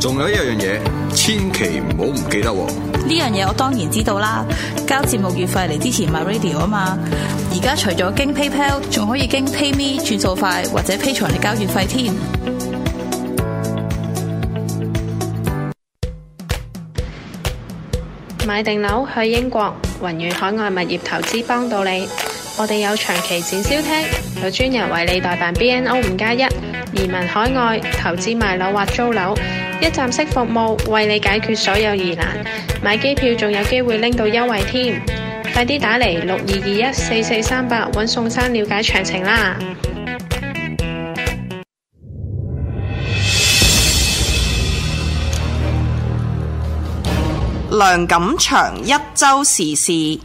仲有一樣嘢，千祈唔好唔記得呢樣嘢。我當然知道啦，交節目月費嚟支持 MyRadio 啊嘛。而家除咗經 PayPal，仲可以經 PayMe 轉數快或者 Patreon 嚟交月費添。買定樓去英國，宏遠海外物業投資幫到你。我哋有長期展銷廳，有專人為你代辦 B N O 五加一移民海外投資買樓或租樓。一站式服務，為你解決所有疑難。買機票仲有機會拎到優惠添，快啲打嚟，六二二一四四三八，搵宋生了解詳情啦。梁錦祥一周時事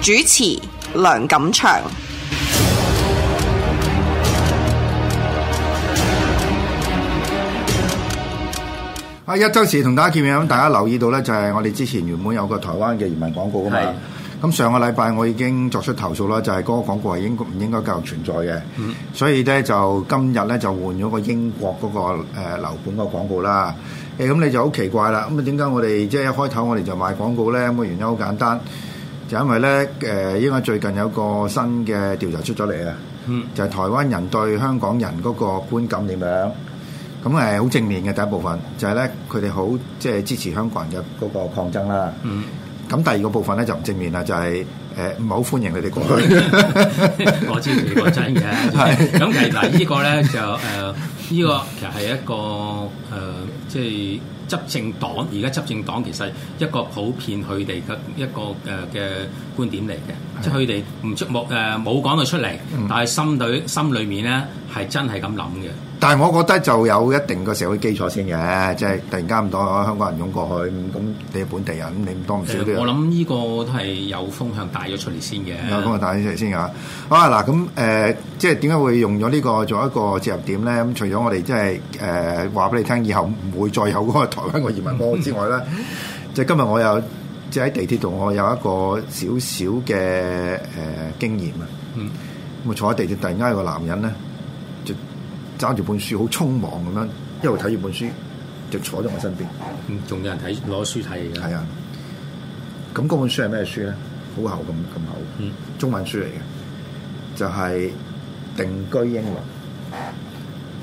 主持，梁錦祥。啊！一週時事同大家見面咁，大家留意到咧就係我哋之前原本有個台灣嘅移民廣告啊嘛。咁的上個禮拜我已經作出投訴啦，就係嗰個廣告應該唔應該繼續存在嘅。嗯、所以咧就今日咧就換咗個英國嗰、那個誒樓、呃、盤個廣告啦。咁、欸、你就好奇怪啦。咁啊點解我哋即係一開頭我哋就賣廣告咧？咁個原因好簡單，就因為咧誒，因、呃、為最近有個新嘅調查出咗嚟啊。嗯，就係台灣人對香港人嗰個觀感點樣？咁誒好正面嘅第一部分就係咧，佢哋好即係支持香港人嘅嗰個抗爭啦。咁、嗯、第二個部分咧就唔正面啦，就係唔係好歡迎佢哋過去 我支持抗爭嘅。咁是 其實嗱，呢個咧就誒呢、呃這個其實係一個誒即係執政黨而家執政黨其實一個普遍佢哋嘅一個誒嘅、呃、觀點嚟嘅，即係佢哋唔出目誒冇講到出嚟，嗯、但係心裏心裏面咧係真係咁諗嘅。但係我覺得就有一定個社會基礎先嘅，即、就、係、是、突然間咁多香港人湧過去，咁你本地人咁你多唔少啲我諗呢個都係有風向帶咗出嚟先嘅。有風向帶咗出嚟先嘅。嗯、好啊，嗱咁誒，即係點解會用咗呢個做一個接入點咧？咁除咗我哋即係誒話俾你聽，以後唔會再有嗰個台灣個移民波之外咧，就 今日我有即係喺地鐵度，我有一個少少嘅誒經驗啊。嗯，我坐喺地鐵，突然間有一個男人咧。揸住本書，好匆忙咁樣一路睇住本書，就坐咗我身邊。仲有人睇攞書睇嘅。係啊，咁嗰本書係咩書咧？好厚咁咁厚，厚，嗯，中文書嚟嘅，就係、是《定居英倫》。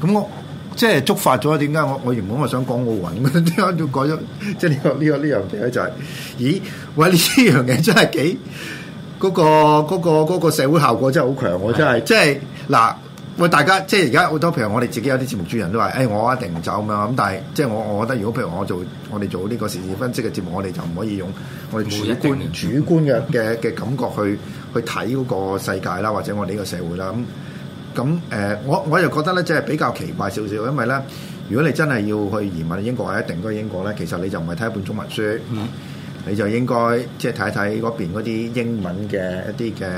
咁我即係觸發咗點解？我我原本我想講奧運，點解要改咗？即係呢、呢個呢、呢個呢樣嘢咧，呢個、就係、是、咦？喂，呢樣嘢真係幾嗰個嗰嗰、嗰個嗰個社會效果真係好強，我的真係即係嗱。喂，大家即係而家好多，譬如我哋自己有啲節目主人都話，誒、哎，我一定唔走咁樣。咁但係，即係我我覺得，如果譬如我做我哋做呢個時事分析嘅節目，我哋就唔可以用我哋主觀主觀嘅嘅嘅感覺去去睇嗰個世界啦，或者我哋呢個社會啦。咁咁誒，我我又覺得咧，即係比較奇怪少少，因為咧，如果你真係要去移民去英國，係一定去英國咧，其實你就唔係睇一本中文書，嗯、你就應該即係睇一睇嗰邊嗰啲英文嘅一啲嘅誒誒。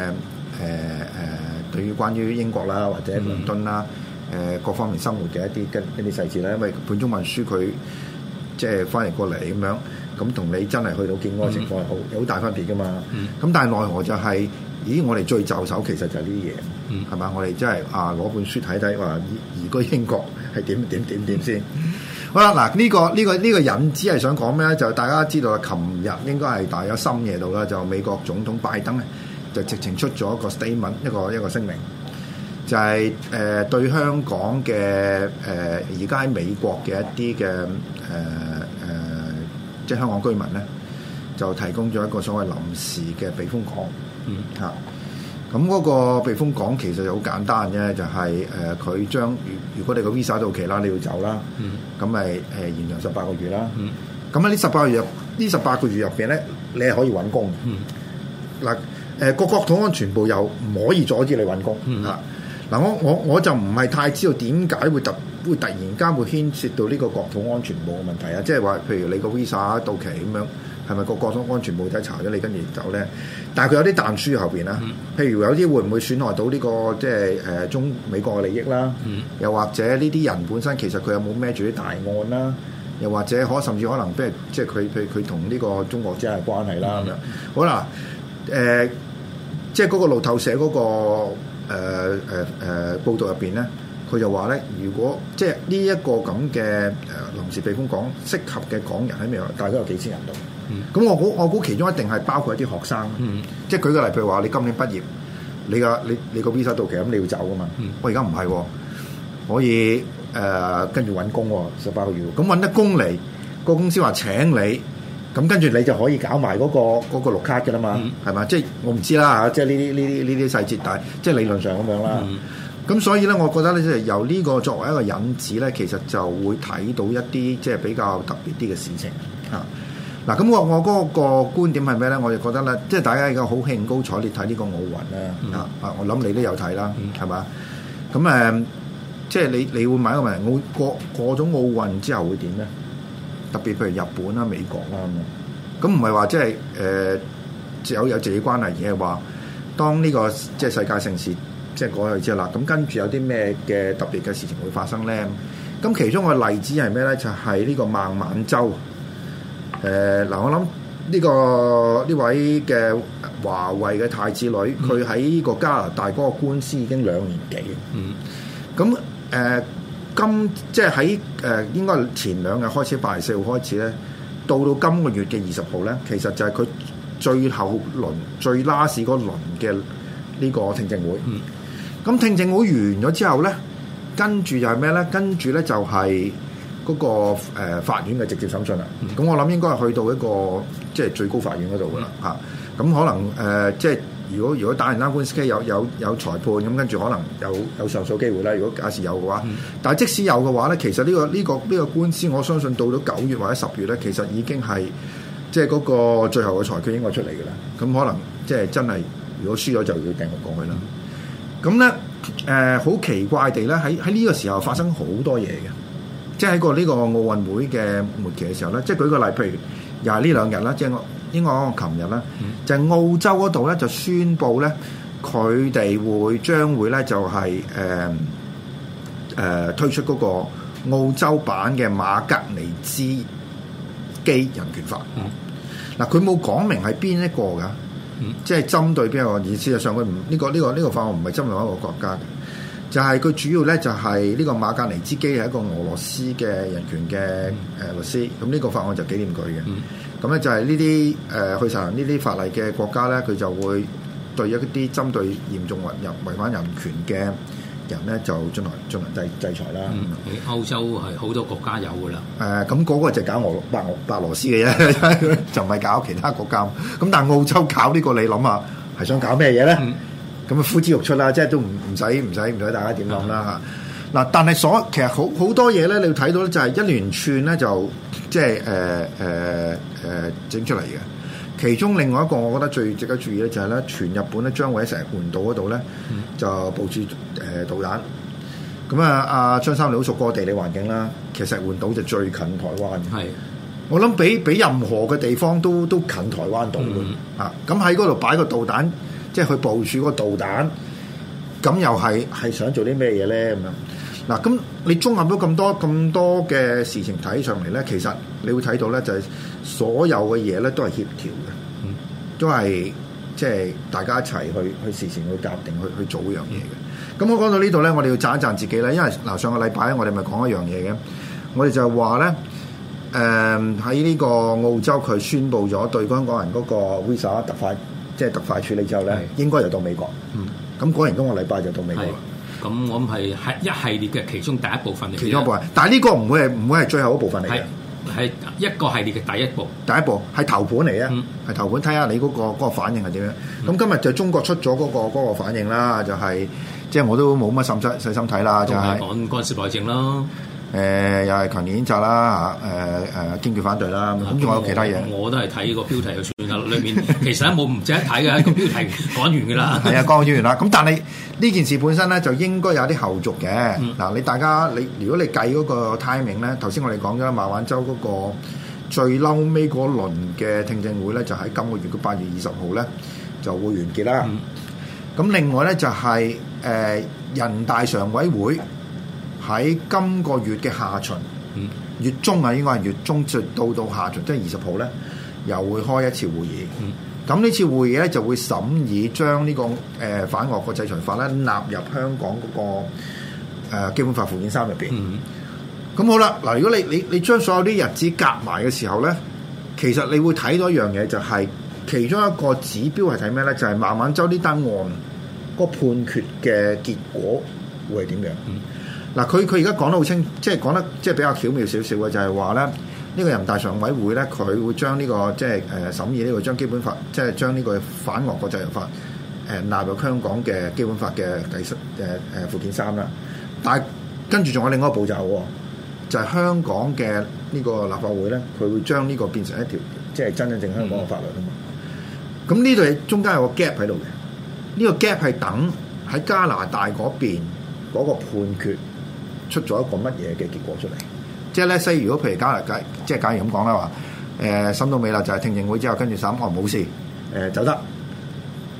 呃呃對於關於英國啦，或者倫敦啦，誒、嗯呃、各方面生活嘅一啲跟一啲細節啦，因為本中文書佢即係翻嚟過嚟咁樣，咁同你真係去到見個情況係好、嗯、有好大分別噶嘛。咁、嗯、但係奈何就係、是，咦？我哋最就手其實就係呢啲嘢，係嘛、嗯？我哋真係啊攞本書睇睇，話、啊、移，移居英國係點點點點先。嗯、好啦，嗱、這、呢個呢、這個呢、這個引子係想講咩咧？就大家知道，琴日應該係大約深夜度啦，就美國總統拜登咧。就直情出咗一個 statement，一個一個聲明，就係、是、誒、呃、對香港嘅誒而家喺美國嘅一啲嘅誒誒，即係香港居民咧，就提供咗一個所謂臨時嘅避風港。嗯，嚇、啊，咁嗰個避風港其實就好簡單啫，就係誒佢將如如果你個 visa 到期啦，你要走啦，咁咪誒延長十八個月啦，咁喺呢十八個月，呢十八個月入邊咧，你係可以揾工嘅，嗱。嗯誒個、呃、國土安全部又唔可以阻止你揾工嚇，嗱、嗯、啊，我我我就唔係太知道點解會突會突然間會牽涉到呢個國土安全部嘅問題啊！即係話，譬如你個 Visa 到期咁樣，係咪個國土安全部喺查咗你跟住走咧？但係佢有啲彈書後邊啦，嗯、譬如有啲會唔會損害到呢、呢個即係誒、呃、中美國嘅利益啦？嗯、又或者呢啲人本身其實佢有冇孭住啲大案啦？又或者可甚至可能即係即係佢佢佢同呢個中國之間嘅關係啦咁樣。好啦，誒、呃。即係嗰個路透社嗰、嗰個誒誒報報道入面咧，佢就話咧，如果即係呢一個咁嘅臨時避風港，適合嘅港人喺美國，大概有幾千人度。咁、嗯、我，我估我估其中一定係包括一啲學生。嗯、即係舉個例，譬如話你今年畢業，你個你你個 visa 到期咁，你要走噶嘛？嗯、我而家唔係，可以、呃、跟住揾工、哦，十八個月咁揾得工嚟，個公司話請你。咁跟住你就可以搞埋嗰、那個嗰、那個綠卡嘅啦嘛，係嘛、嗯？即係我唔知啦嚇，即係呢啲呢啲呢啲細節，但係即係理論上咁樣啦。咁、嗯、所以咧，我覺得咧，由呢個作為一個引子咧，其實就會睇到一啲即係比較特別啲嘅事情嚇。嗱、嗯，咁、啊、我我嗰、那個那個觀點係咩咧？我就覺得咧，即係大家而家好興高采烈睇呢個奧運啦啊！我諗你都有睇啦，係嘛、嗯？咁誒，即係你你會問一個問題我過過咗奧運之後會點咧？特別譬如日本啦、美國啦咁，咁唔係話即係誒有有自己關係，而係話當呢、呢個即係世界盛事即係過去之後啦，咁跟住有啲咩嘅特別嘅事情會發生咧？咁其中個例子係咩咧？就係、係、呢個孟晚舟。誒、呃、嗱，我諗呢、呢個呢位嘅華為嘅太子女，佢喺、嗯、呢個加拿大嗰個官司已經兩年幾，嗯，嗯，咁誒。今即係喺誒，應該前兩日開始，八月四號開始咧，到到今個月嘅二十號咧，其實就係佢最後輪、最 last 嗰輪嘅呢個聽證會。咁、嗯、聽證會完咗之後咧，跟住就係咩咧？跟住咧就係嗰、嗰個、呃、法院嘅直接審訊啦。咁、嗯、我諗應該係去到一個即係最高法院嗰度噶啦嚇。咁、嗯嗯、可能誒、呃、即係。如果如果打完啦官司，基有有有裁判，咁跟住可能有有上訴機會啦。如果假設有嘅話，嗯、但即使有嘅話咧，其實呢、呢個呢、呢個呢、呢個官司，我相信到咗九月或者十月咧，其實已經係即係嗰個最後嘅裁決應該出嚟嘅啦。咁可能即係、即係、真係如果輸咗就要頂落過去啦。咁咧誒，好、呃、奇怪地咧，喺喺呢個時候發生好多嘢嘅，即係喺個呢個奧運會嘅末期嘅時候咧，即係舉個例，譬如廿呢兩日啦，即係我。另外，因為我琴日咧就係、澳洲嗰度咧就宣布咧，佢哋會將會咧就係誒誒推出嗰個澳洲版嘅馬格尼茲基人權法。嗱、嗯，佢冇講明係邊一個㗎，即係、嗯、針對邊個？意思。就上，佢唔呢個呢個呢個法案唔係針對一個國家嘅，就係、是、佢主要咧就係呢個馬格尼茲基係一個俄羅斯嘅人權嘅誒律師，咁呢、嗯、個法案就紀念佢嘅。嗯咁咧就係呢啲誒去執行呢啲法例嘅國家咧，佢就會對一啲針對嚴重違人違反人權嘅人咧，就進行進行制制裁啦。喺、嗯嗯、歐洲係好多國家有噶啦。誒、呃，咁嗰個就搞俄白俄白羅斯嘅啫， 就唔係搞其他國家。咁但澳洲搞呢、呢個，你諗下，係想搞咩嘢咧？咁啊、嗯，呼之欲出啦，即係都唔唔使唔使唔使大家點諗啦嚇。嗱，但係所其實好好多嘢咧，你要睇到咧就係一連串咧就即係誒誒誒整出嚟嘅。其中另外一個我覺得最值得注意咧就係咧，全日本咧將會喺成個石垣島嗰度咧就部署誒導彈。咁、呃、啊，阿、嗯嗯、張生你好熟個地理環境啦，其實石垣島就最近台灣嘅。是的 我諗比比任何嘅地方都都近台灣島、嗯、啊，咁喺嗰度擺個導彈，即係去部署個導彈，咁又係係想做啲咩嘢咧？咁樣？嗱，咁你綜合咗咁多咁多嘅事情睇上嚟咧，其實你會睇到咧、嗯，就係所有嘅嘢咧都係協調嘅，都係即係大家一齊去去事情去夾定去去做呢樣嘢嘅。咁、嗯、我講到呢度咧，我哋要讚一讚自己啦，因為嗱上個禮拜咧，我哋咪講一樣嘢嘅，我哋就係話咧，誒喺呢個澳洲佢宣布咗對香港人嗰個 visa 特快，即係特快處理之後咧，嗯、應該就到美國，咁、嗯、果然，今個禮拜就到美國啦。咁我唔係係一系列嘅其中第一部分嚟，其中一部分。但係呢個唔會係唔會係最後一部分嚟。係係一個系列嘅第一步，第一步係頭盤嚟嘅，係、嗯、頭盤。睇下你嗰、嗰個嗰個反應係點樣。咁、嗯、今日就中國出咗嗰、嗰個嗰個反應啦，就係即係我都冇乜甚心細心睇啦，就係、是、講干涉內政咯。誒又係強烈譴責啦，嚇誒誒堅決反對啦，咁仲有其他嘢？我都係睇個標題就算啦，裏面其實咧冇唔值一睇嘅，一個標題講完㗎啦。係啊，剛好完啦。咁但係呢件事本身咧，就應該有啲後續嘅。嗱，你大家你如果你計嗰個 timing 咧，頭先我哋講咗孟晚舟嗰個最嬲尾嗰輪嘅聽證會咧，就喺今個月嘅八月二十號咧就會完結啦。咁另外咧就係誒人大常委會。喺今個月嘅下旬、月中啊，應該係月中直到到下旬，即係二十號咧，又會開一次會議。咁呢、嗯、次會議咧就會審議將呢、這個誒、呃、反外國制裁法咧納入香港嗰、那個、呃、基本法附件三入邊。咁、嗯嗯、好啦，嗱，如果你你你將所有啲日子夾埋嘅時候咧，其實你會睇到一樣嘢、就是，就係其中一個指標係睇咩咧？就係孟晚舟呢單案、那個判決嘅結果會係點樣？嗯嗱，佢佢而家講得好清，即係講得即係比較巧妙少少嘅，就係話咧，呢個人大常委會咧，佢會將呢個即係誒、呃、審議呢個將基本法，即係將呢個反外國制裁法誒、呃、納入香港嘅基本法嘅第十誒誒附件三啦。但係跟住仲有另一個步驟，哦、就係，香港嘅呢個立法會咧，佢會將呢個變成一條即係真真正香港嘅法律啊嘛。咁呢度中間有個 gap 喺度嘅，呢個 gap 係等喺加拿大嗰邊嗰個判決。出咗一個乜嘢嘅結果出嚟？即係咧，西如果譬如假如解，即係假如咁講啦話，誒審、呃、到尾啦，就係、是、聽證會之後跟住審，我冇、哦、事，誒、呃、走得。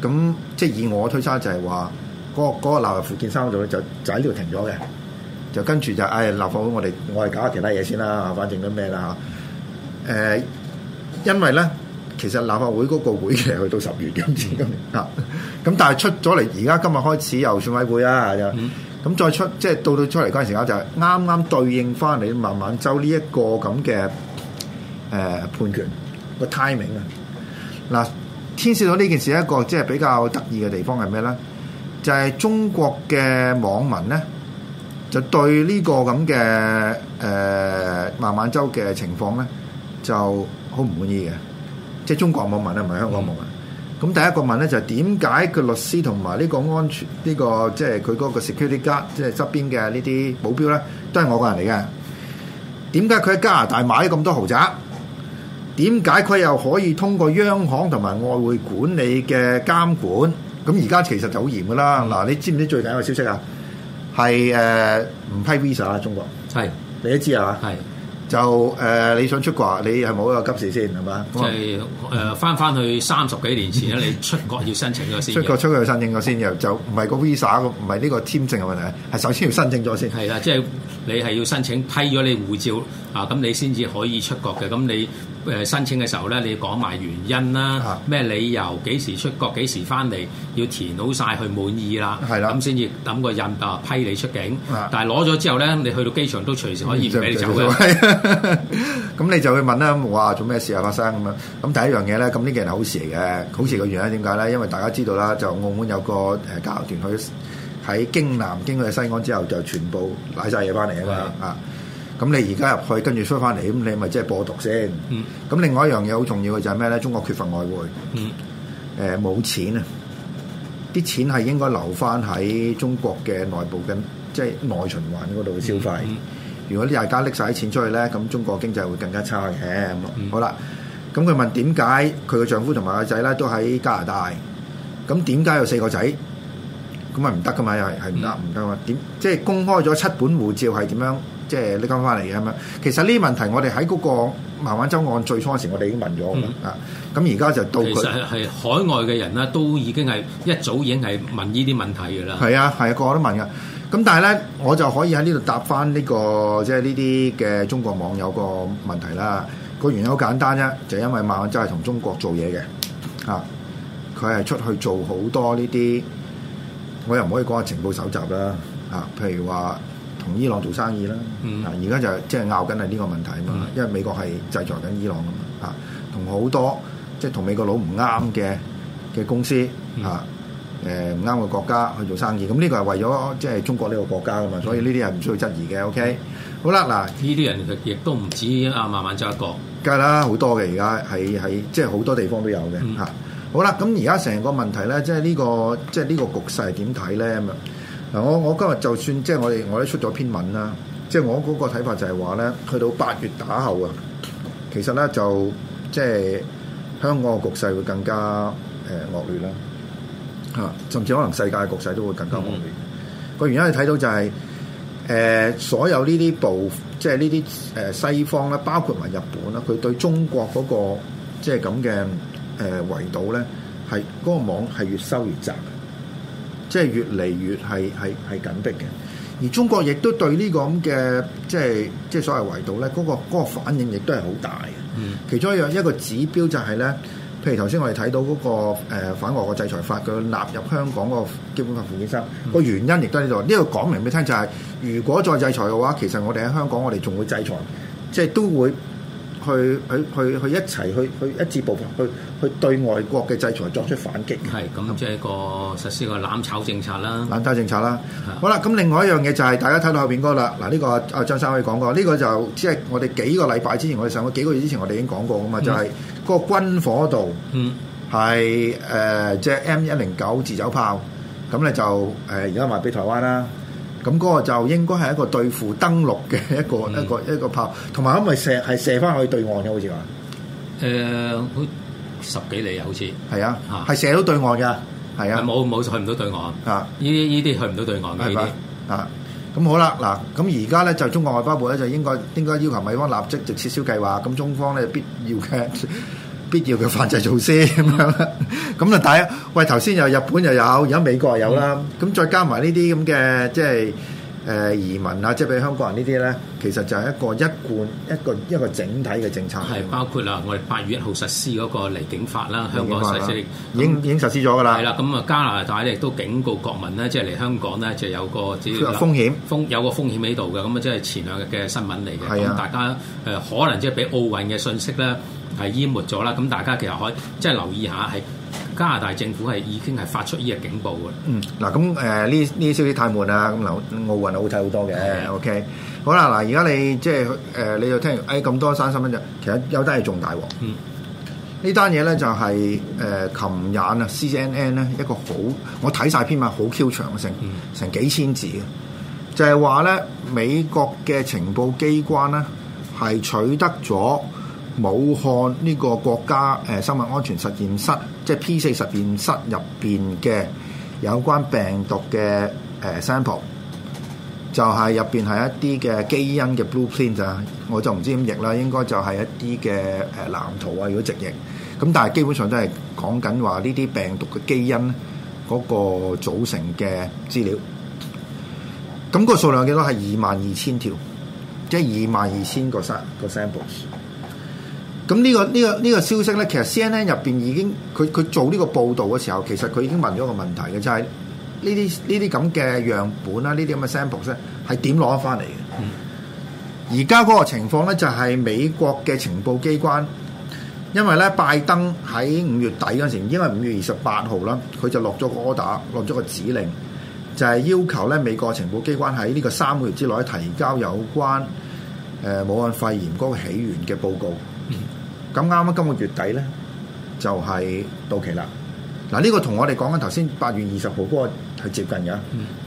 咁即係以我推測就係話，嗰、那個那個立法副件三度咧，就就喺度停咗嘅，就跟住就誒、哎、立法會我哋我哋搞下其他嘢先啦，反正都咩啦嚇。誒、嗯，因為咧其實立法會嗰個會期去到十月咁先嘅，嚇、嗯。咁但係出咗嚟，而家今日開始又選委會啦，又。嗯咁再出，即、就、係、是、到到出嚟陣時時就係啱啱對應返嚟孟晚舟呢一個咁嘅誒判決個 timing 啊！嗱，牽涉到呢件事一個即係比較得意嘅地方係咩咧？就係、是、中國嘅網民咧，就對這個這、呃、呢個咁嘅誒孟晚舟嘅情況咧，就好唔滿意嘅，即、就、係、是、中國網民啊，唔係香港網民、嗯。咁第一個問咧，就係點解個律師同埋呢個安全呢個即係佢嗰個 security guard，即係側邊嘅呢啲保鏢咧，都係我個人嚟嘅。點解佢喺加拿大買咁多豪宅？點解佢又可以通過央行同埋外匯管理嘅監管？咁而家其實就好嚴噶啦。嗱，你知唔知道最緊要的消息啊？係誒唔批 visa 啦，中國係是 你都知係嘛？係。就誒、呃，你想出國？你係冇一個急事先係嘛？即係誒，翻翻去三十幾年前咧， 你出國要申請咗先。出國出國，要申請咗先，就唔係個 visa，唔係呢個簽證嘅問題，係首先要申請咗先。係啦，即係你係要申請批咗你護照啊，咁你先至可以出國嘅。咁你。誒申請嘅時候咧，你要講埋原因啦，咩的理由，幾時出國，幾時翻嚟，要填好晒佢滿意啦，係啦的，咁先至等個印啊批你出境。是的但係攞咗之後咧，你去到機場都隨時可以唔俾你走嘅、啊。咁、嗯、 你就去問啦，哇，做咩事啊發生咁樣？咁第一樣嘢咧，咁呢件係好事嚟嘅，好事嘅原因點解咧？因為大家知道啦，就澳門有個誒、呃、教學團去喺京南，經過西安之後，就全部攋晒嘢翻嚟啊嘛啊！的咁你而家入去跟住出翻嚟，咁你咪即係播毒先。咁另外一樣嘢好重要嘅就係咩咧？中國缺乏外匯，誒冇錢啊！啲錢係應該留翻喺中國嘅內部嘅，即係內循環嗰度消費。如果呢大家拎曬啲錢出去咧，咁中國經濟會更加差嘅。咁好啦，咁佢問點解佢嘅丈夫同埋個仔咧都喺加拿大？咁點解有四個仔？咁咪唔得噶嘛？又係係唔得唔得啊？點即係公開咗七本護照係點樣？即係拎翻翻嚟嘅咁樣，其實呢啲問題我哋喺嗰個孟晚舟案最初嘅時，我哋已經問咗啊。咁而家就到其實係海外嘅人咧，都已經係一早已經係問呢啲問題嘅啦。係啊，係、啊、個個都問噶。咁但係咧，我就可以喺呢度答翻呢、呢個即係呢啲嘅中國網友個問題啦。個原因好簡單啫，就係、因為孟晚舟係同中國做嘢嘅啊，佢係出去做好多呢啲，我又唔可以講下情報搜集啦啊，譬如話。同伊朗做生意啦，啊而家就即係拗緊係呢個問題啊嘛，嗯、因為美國係制裁緊伊朗啊嘛，啊同好多即係同美國佬唔啱嘅嘅公司嚇，誒唔啱嘅國家去做生意，咁呢個係為咗即係中國呢個國家啊嘛，所以呢啲係唔需要質疑嘅。O、okay? K，、嗯、好啦，嗱呢啲人亦都唔止阿孟晚舟一個，梗係啦，好多嘅而家係喺即係好多地方都有嘅嚇、嗯啊。好啦，咁而家成個問題咧，即係呢個即係呢個局勢係點睇咧咁啊？嗱，我我今日就算即係我哋我咧出咗篇文啦，即、就、係、是、我嗰個睇法就係話咧，去到八月打後啊，其實咧就即係、就是、香港嘅局勢會更加誒惡劣啦，嚇，甚至可能世界嘅局勢都會更加惡劣。個、嗯、原因你睇到就係、是、誒、呃、所有呢啲部，即係呢啲誒西方咧，包括埋日本啦，佢對中國嗰、那個即係咁嘅誒圍堵咧，係嗰、那個網係越收越窄。即係越嚟越係係緊迫嘅，而中國亦都對呢個咁嘅即係即係所謂嘅圍堵咧，嗰、嗰個嗰個反應亦都係好大嘅。嗯、其中一樣一個指標就係、是、咧，譬如頭先我哋睇到嗰、嗰個、呃、反外國制裁法佢納入香港個基本法附件三個原因亦都喺度。呢、呢個講明俾你聽就係、是，如果再制裁嘅話，其實我哋喺香港，我哋仲會制裁，即係都會。去去去去一齊去去一致步伐，去去對外國嘅制裁作出反擊。係咁，即係一個實施個攬炒政策啦。攬炒政策啦。好啦，咁另外一樣嘢就係大家睇到後邊嗰個啦。嗱，呢個阿張生可以講過，呢個就即係我哋幾個禮拜之前，我哋上個幾個月之前，我哋已經講過嘅嘛，就係嗰個軍火度係誒，即係 M 一零九自走炮，咁咧就誒而家賣俾台灣啦。咁嗰個就應該係一個對付登陸嘅一個一個、嗯、一個炮，同埋係咪射係射翻去對岸嘅，好似話。誒、呃，十幾里啊，好似係啊，嚇，係射到對岸㗎，係啊，冇冇去唔到對岸啊！呢呢啲去唔到對岸嘅係咪吧啊，咁好啦嗱，咁而家咧就中國外交部咧就應該應該要求美方立即直撤銷計劃，咁中方咧必要嘅。 必要嘅反制措施咁樣啦，咁啊大家，喂頭先又日本又有，而家美國又有啦，咁、嗯、再加埋呢啲咁嘅即係誒、呃、移民啊，即係俾香港人呢啲咧，其實就係一個一貫一個一個整體嘅政策，係包括啦，我哋八月一號實施嗰個離境法啦，香港實施，那已經已經實施咗噶啦，係啦，咁啊加拿大咧亦都警告國民咧，即係嚟香港咧就有個只風險，風有個風險喺度嘅，咁啊即係前兩日嘅新聞嚟嘅，咁是的 大家誒、呃、可能即係俾奧運嘅信息咧。係淹沒咗啦，咁大家其實可以，即係留意一下，係加拿大政府係已經係發出呢個警報嘅。嗯，嗱咁誒呢呢啲消息太悶啊！咁嗱，奧運、嗯 okay、好睇好多嘅。O K，好啦，嗱而家你即係誒，你又聽誒咁、哎、多三十蚊啫，其實有得係重大喎。嗯，這件事呢單嘢咧就係誒琴日啊，C N N 咧一個好，我睇晒篇文好 Q 長，成成幾千字嘅，就係話咧美國嘅情報機關咧係取得咗。武漢呢個國家誒生物安全實驗室，即係 P 四實驗室入邊嘅有關病毒嘅誒 sample，就係入邊係一啲嘅基因嘅 blueprint 就我就唔知點譯啦，應該就係一啲嘅誒藍圖啊，如果直譯，咁但係基本上都係講緊話呢啲病毒嘅基因嗰個組成嘅資料。咁個數量幾多？係二萬二千條，即係二萬二千個 sample。咁呢個呢個呢個消息咧，其實 CNN 入邊已經佢佢做呢個報導嘅時候，其實佢已經問咗一個問題嘅，就係呢啲呢啲咁嘅樣本啦，呢啲咁嘅 samples 咧，係點攞翻嚟嘅？而家嗰個情況咧，就係美國嘅情報機關，因為咧拜登喺五月底嗰陣時，因為五月二十八號啦，佢就落咗個 order，落咗個指令，就係要求咧美國情報機關喺呢個三個月之內提交有關誒武漢肺炎嗰個起源嘅報告。咁啱啱今個月底咧，就係到期啦。嗱，呢個同我哋講緊頭先八月二十號嗰個係接近嘅，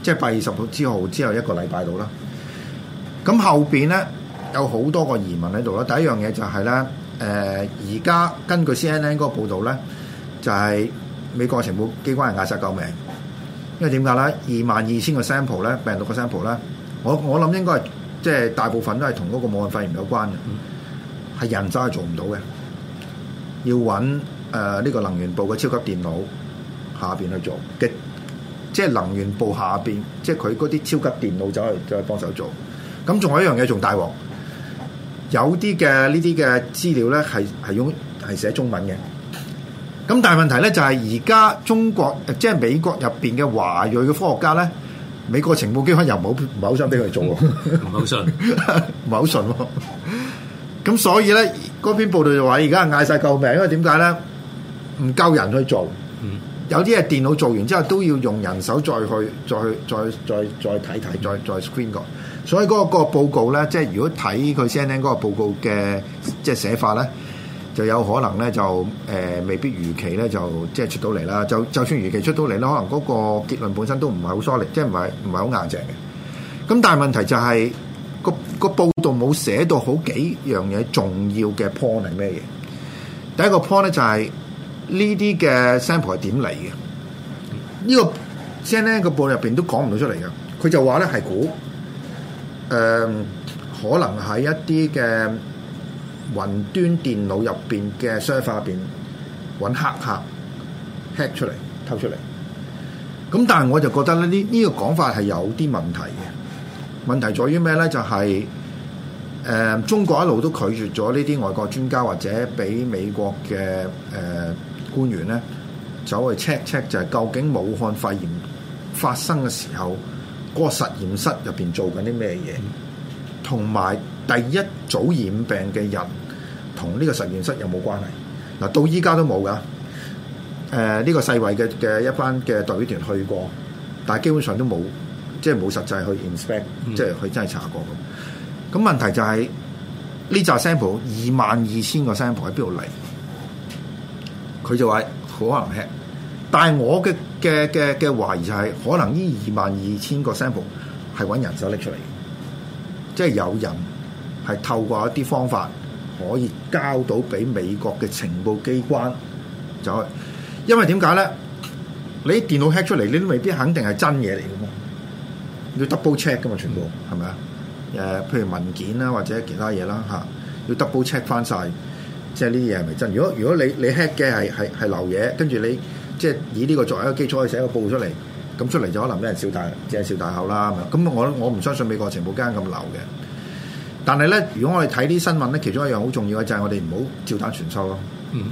即係八月二十號之後之後一個禮拜到啦。咁後邊咧，有好多個疑問喺度啦。第一樣嘢就係咧，誒而家根據 CNN 嗰個報道咧，就係美國情報機關係嗌晒救命，因為點解咧？二萬二千個 sample 咧，病毒個 sample 咧，我我諗應該係即係大部分都係同嗰個武漢肺炎有關嘅。嗯係人手係做唔到嘅，要搵誒呢個能源部嘅超級電腦下邊去做嘅，即係能源部下邊，即係佢嗰啲超級電腦走去走去幫手做。咁仲有一樣嘢仲大鑊，有啲嘅呢啲嘅資料咧係係用係寫中文嘅。咁但係問題咧就係而家中國即係美國入邊嘅華裔嘅科學家咧，美國情報機構又唔好唔好想俾佢做，唔好、嗯、信，唔好信。咁所以咧，嗰篇報導就話：而家嗌晒救命，因為點解咧？唔夠人去做，有啲係電腦做完之後都要用人手再去、再去、再、再、再睇睇、再再，再 screen 過。所以嗰、嗰個報告咧，即係如果睇佢 send 嗰個報告嘅即係寫法咧，就有可能咧就誒、呃、未必如期咧就即係出到嚟啦。就就算如期出到嚟咧，可能嗰個結論本身都唔係好 solid 即係唔係唔係好硬淨嘅。咁但係問題就係、是。個個報道冇寫到好幾樣嘢重要嘅 point 係咩嘢？第一個 point 咧就係呢啲嘅 sample 係點嚟嘅？呢個聲咧，個報道入面都講唔到出嚟嘅。佢就話咧，係估呃，可能喺一啲嘅雲端電腦入面嘅 server 入邊揾黑客 hack 出嚟，偷出嚟。咁但係我就覺得咧，呢呢個講法係有啲問題嘅。問題在於咩咧？就係、是、誒、嗯、中國一路都拒絕咗呢啲外國專家或者俾美國嘅誒、呃、官員咧走去 check check，就係究竟武漢肺炎發生嘅時候、嗰個實驗室入邊做緊啲咩嘢，同埋第一早染病嘅人同呢個實驗室有冇關係？嗱，到依家都冇㗎。誒、這、呢個世衛嘅嘅一班嘅代表團去過，但係基本上都冇。即係冇實際去 inspect，嗯，即係佢真係查過咁。咁問題就係呢扎 sample 二萬二千個 sample 喺邊度嚟？佢就話好可能 hack，但係我嘅嘅嘅嘅懷疑就係可能呢二萬二千個 sample 係揾人手拎出嚟嘅，即係有人係透過一啲方法可以交到俾美國嘅情報機關走去。因為點解咧？你電腦 hack 出嚟，你都未必肯定係真嘢嚟。要 double check 噶嘛，全部係咪啊？誒、嗯呃，譬如文件啦或者其他嘢啦嚇、啊，要 double check 翻晒，即係呢啲嘢係咪真？如果如果你你 hack 嘅係係係流嘢，跟住你即係以呢個作為一個基礎去寫個報出嚟，咁出嚟就可能俾人笑大，即係、嗯、笑大口啦係咪？咁我我唔相信美國情報間咁流嘅，但係咧，如果我哋睇啲新聞咧，其中一樣好重要嘅就係我哋唔好照單全收咯。嗯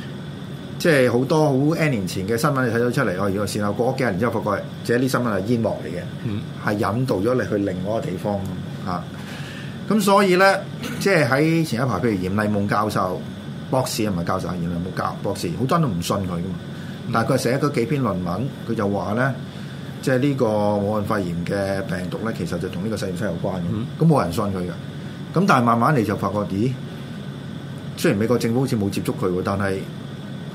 即係好多好 N 年前嘅新聞，你睇到出嚟哦。原來然後過咗幾年之後，發覺即係啲新聞係煙幕嚟嘅，係、嗯、引導咗你去另外一個地方咁、啊、所以咧，即係喺前一排，譬如嚴麗夢教授博士啊，唔係教授，嚴麗夢教博士，好多人都唔信佢噶嘛。但係佢寫嗰幾篇論文，佢就話咧，即係呢個武漢肺炎嘅病毒咧，其實就同呢個細菌有關咁。冇、嗯、人信佢嘅。咁但係慢慢嚟就發覺，咦？雖然美國政府好似冇接觸佢喎，但係。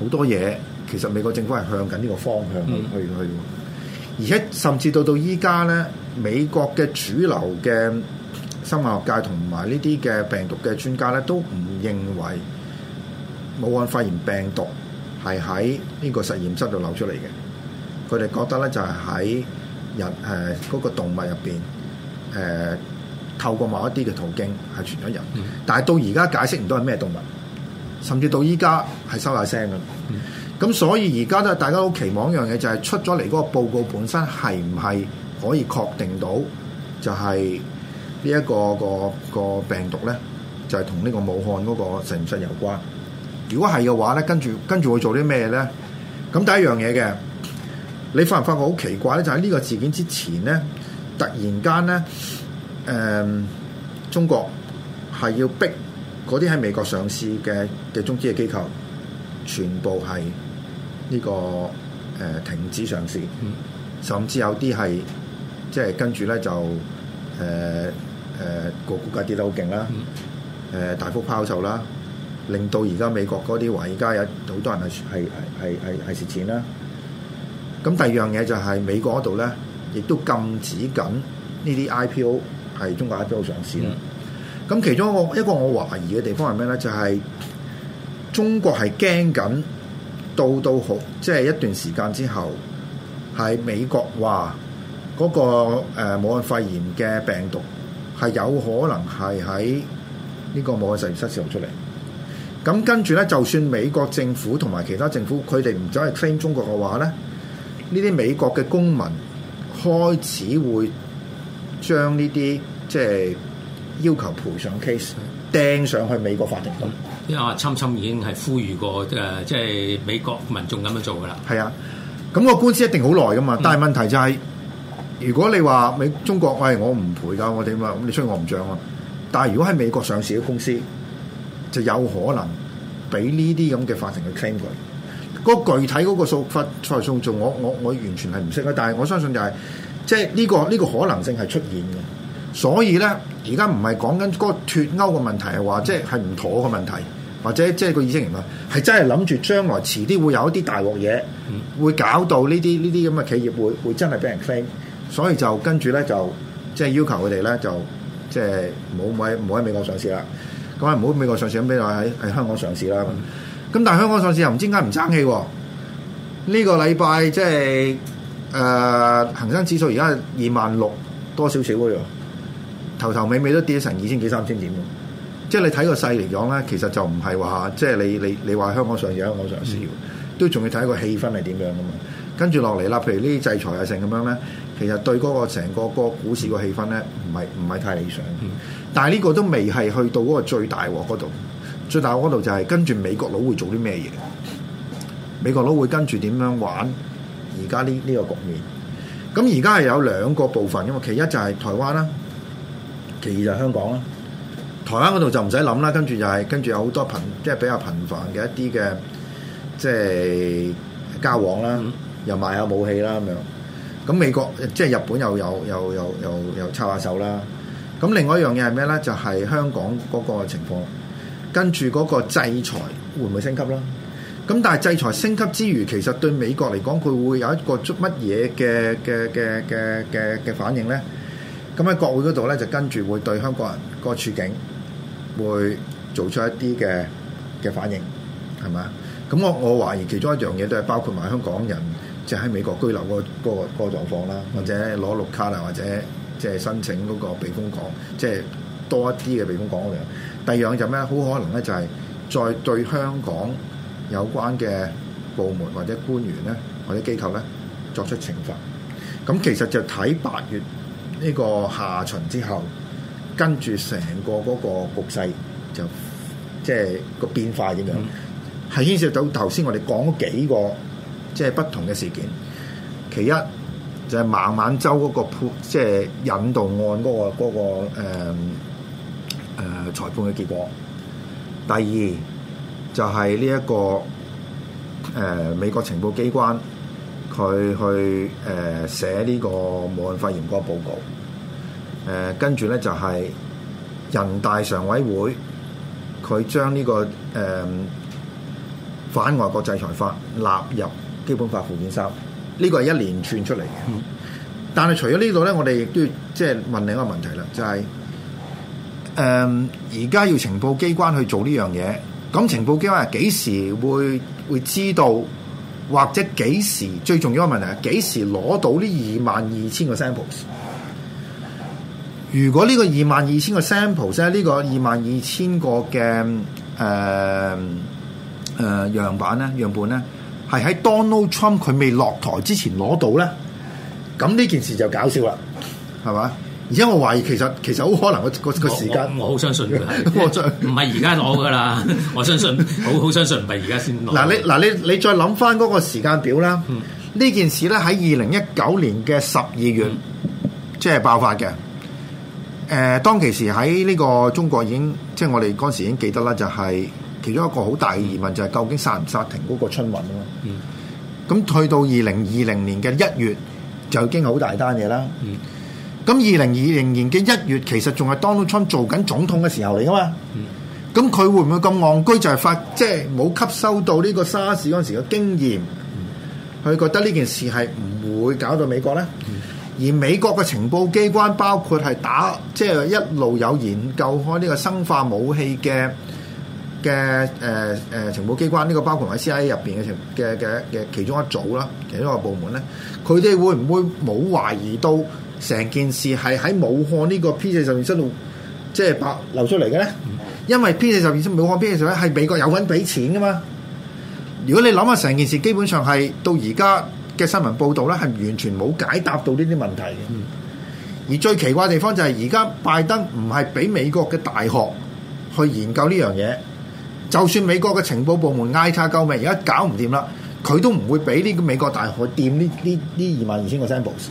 好多嘢，其實美國政府係向緊呢個方向、嗯、去去，而且甚至到到依家咧，美國嘅主流嘅生物學界同埋呢啲嘅病毒嘅專家咧，都唔認為武漢肺炎病毒係喺呢個實驗室度流出嚟嘅。佢哋覺得咧就係喺人誒嗰個動物入邊誒，透過某一啲嘅途徑係傳咗人。嗯、但係到而家解釋唔到係咩動物。甚至到依家係收晒聲嘅，咁所以而家都大家都期望一樣嘢，就係出咗嚟嗰個報告本身係唔係可以確定到就、這個，就係呢一個個、那個病毒咧，就係同呢個武漢嗰個係唔係有關？如果係嘅話咧，跟住跟住會做啲咩咧？咁第一樣嘢嘅，你發唔發覺好奇怪咧？就喺、是、呢個事件之前咧，突然間咧，誒、嗯、中國係要逼。嗰啲喺美國上市嘅嘅中資嘅機構，全部係呢、呢個誒、呃、停止上市，嗯、甚至有啲係即係跟住咧就誒誒個股價跌得好勁啦，誒、嗯呃、大幅拋售啦，令到而家美國嗰啲華爾街，而家有好多人係係係係係蝕錢啦。咁第二樣嘢就係美國嗰度咧，亦都禁止緊呢啲 IPO 係中國 IPO 上市、嗯咁其中一個一個我懷疑嘅地方係咩咧？就係、是，中國係驚緊到到好，即係一段時間之後，係美國話嗰個誒武漢肺炎嘅病毒係有可能係喺呢個武漢實驗室洩出嚟。咁跟住咧，就算美國政府同埋其他政府佢哋唔再係聽中國嘅話咧，呢啲美國嘅公民開始會將呢啲即係。就是要求賠償 case 掟上去美國法庭咁，因為阿侵侵已經係呼籲過誒、呃，即係美國民眾咁樣做㗎喇。係啊，咁個官司一定好耐㗎嘛。嗯、但係問題就係、是，如果你話美中國，喂，我唔賠㗎，我點啊？咁你雖然我唔漲啊，但係如果喺美國上市嘅公司，就有可能俾呢啲咁嘅法庭嘅 claim、那個、具體嗰個數忽在數數，我我我完全係唔識啊。但係我相信就係、是，即係、這、呢個呢、這個可能性係出現嘅，所以咧。而家唔係講緊嗰個脫鈎嘅問題，係話即係唔妥嘅問題，或者即係、就是、個意思嚟嘛？係真係諗住將來遲啲會有一啲大鑊嘢，會搞到呢啲呢啲咁嘅企業會會真係俾人 claim，所以就跟住咧就即係、就是、要求佢哋咧就即係冇唔喺冇喺美國上市啦，咁啊唔好喺美國上市咁，俾我喺喺香港上市啦。咁但係香港上市又唔知點解唔爭氣喎？呢、這個禮拜即係誒恆生指數而家二萬六多少少喎頭頭尾尾都跌咗成二千幾三千點，即係你睇個勢嚟講咧，其實就唔係話即係你你你話香港上嘢，香港上市，嗯、都仲要睇個氣氛係點樣噶嘛。跟住落嚟啦，譬如呢啲制裁啊剩咁樣咧，其實對嗰個成個個股市嘅氣氛咧，唔係唔係太理想。嗯、但係呢個都未係去到嗰個最大鑊度，最大鑊度就係跟住美國佬會做啲咩嘢？美國佬會跟住點樣玩而家呢呢個局面？咁而家係有兩個部分噶嘛，因為其一就係台灣啦。其二就香港啦，台灣嗰度就唔使諗啦。跟住就係跟住有好多頻，即係比較頻繁嘅一啲嘅即係交往啦，又賣下武器啦咁樣。咁美國即係日本又有又又又又插下手啦。咁另外一樣嘢係咩咧？就係香港嗰個情況，跟住嗰個制裁會唔會升級啦？咁但係制裁升級之餘，其實對美國嚟講，佢會有一個捉乜嘢嘅嘅嘅嘅嘅嘅反應咧？咁喺國會嗰度咧，就跟住會對香港人個處境會做出一啲嘅嘅反應，係咪啊？咁我我懷疑其中一樣嘢都係包括埋香港人即係喺美國居留嗰個嗰個狀況啦，或者攞綠卡啊，或者即係申請嗰個避風港，即係多一啲嘅避風港嗰樣。第二樣就咩好可能咧，就係再對香港有關嘅部門或者官員咧或者機構咧作出懲罰，咁其實就睇八月。呢個下旬之後，跟住成個嗰個局勢就即係、就是、個變化咁樣，係牽、嗯、涉到頭先我哋講幾個即係不同嘅事件。其一就係孟晚舟嗰、那個判，即、就、係、是、引渡案嗰、那個嗰、那個、呃呃、裁判嘅結果。第二就係呢一個誒、呃、美國情報機關。佢去誒、呃、寫呢個武漢肺炎嗰個報告，誒跟住咧就係、是、人大常委會佢將呢、這個誒、呃、反外國制裁法納入基本法附件三，呢個係一連串出嚟嘅。但係除咗呢度咧，我哋亦都要即係問另一個問題啦，就係誒而家要情報機關去做呢樣嘢，咁情報機關係幾時會會知道？或者幾時最重要嘅問題係幾時攞到呢二萬二千個 samples？如果呢個二萬二千個 samples 呢個二萬二千個嘅樣板咧、樣本咧，係喺 Donald Trump 佢未落台之前攞到咧，咁呢件事就搞笑啦，係嘛？而家我懷疑其實其實好可能個個個時間，我好相信佢。唔係而家攞㗎啦，我相信，好好 相信唔係而家先攞。嗱你嗱、啊、你你再諗翻嗰個時間表啦。呢、嗯、件事咧喺二零一九年嘅十二月、嗯、即係爆發嘅。誒、呃，當其時喺呢個中國已經即係我哋嗰陣時已經記得啦，就係、是、其中一個好大嘅疑問、嗯、就係究竟殺唔殺停嗰個春運吖嘛。咁、嗯、去到二零二零年嘅一月，就已經好大單嘢啦。嗯咁二零二零年嘅一月，其實仲係 Donald Trump 做緊總統嘅時候嚟噶嘛？咁佢、嗯、會唔會咁戇居，就係發即係冇吸收到呢個沙士嗰陣時嘅經驗，佢、嗯、覺得呢件事係唔會搞到美國咧？嗯、而美國嘅情、就是呃呃、情報機關，包括係打即係一路有研究開呢個生化武器嘅嘅誒誒情報機關，呢個包括喺 CIA 入邊嘅情嘅嘅嘅其中一組啦，其中一個部門咧，佢哋會唔會冇懷疑到？成件事係喺武漢呢個 P 四實驗室度，即係白流出嚟嘅咧。因為 P 四實驗室武漢 P 四實驗室係美國有份俾錢噶嘛。如果你諗下成件事，基本上係到而家嘅新聞報導咧，係完全冇解答到呢啲問題嘅。而最奇怪嘅地方就係而家拜登唔係俾美國嘅大學去研究呢樣嘢，就算美國嘅情報部門嗌叉救命，而家搞唔掂啦，佢都唔會俾呢個美國大學掂呢呢呢二萬二千個 samples。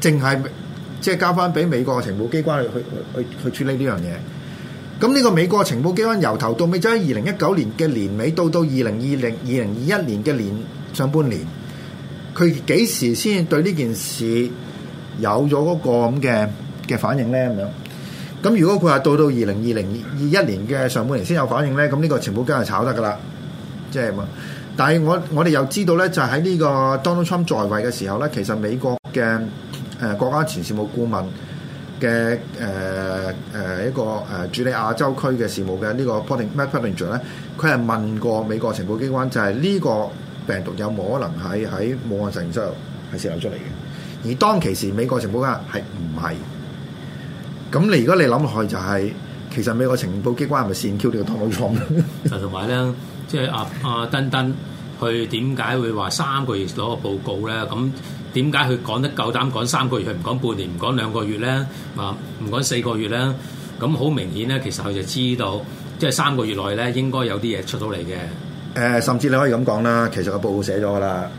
淨係即係交翻俾美國嘅情報機關去去去去處理呢樣嘢。咁呢個美國情報機關由頭到尾，就喺二零一九年嘅年尾到到二零二零二零二一年嘅年上半年，佢幾時先對呢件事有咗嗰個咁嘅嘅反應咧？咁樣咁如果佢係到到二零二零二一年嘅上半年先有反應咧，咁呢個情報機係炒得噶啦，即係嘛？但係我我哋又知道咧，就喺呢個 Donald Trump 在位嘅時候咧，其實美國嘅。國家前事務顧問嘅一個誒助理亞洲區嘅事務嘅呢個 Pottinger Matt Pottinger 咧，佢係問過美國情報機關，就係呢個病毒有冇可能喺喺武漢實驗室度係泄漏出嚟嘅？而當其時，美國情報機關係唔係？咁你如果你諗落去，就係其實美國情報機關係咪善 q 呢當我講？誒同埋咧，即係阿阿登，登，佢點解會話三個月攞個報告咧？咁。點解佢講得夠膽講三個月，佢唔講半年，唔講兩個月咧？啊，唔講四個月咧？咁好明顯咧，其實佢就知道，即係三個月內咧應該有啲嘢出到嚟嘅。誒、呃，甚至你可以咁講啦，其實個報告寫咗噶啦，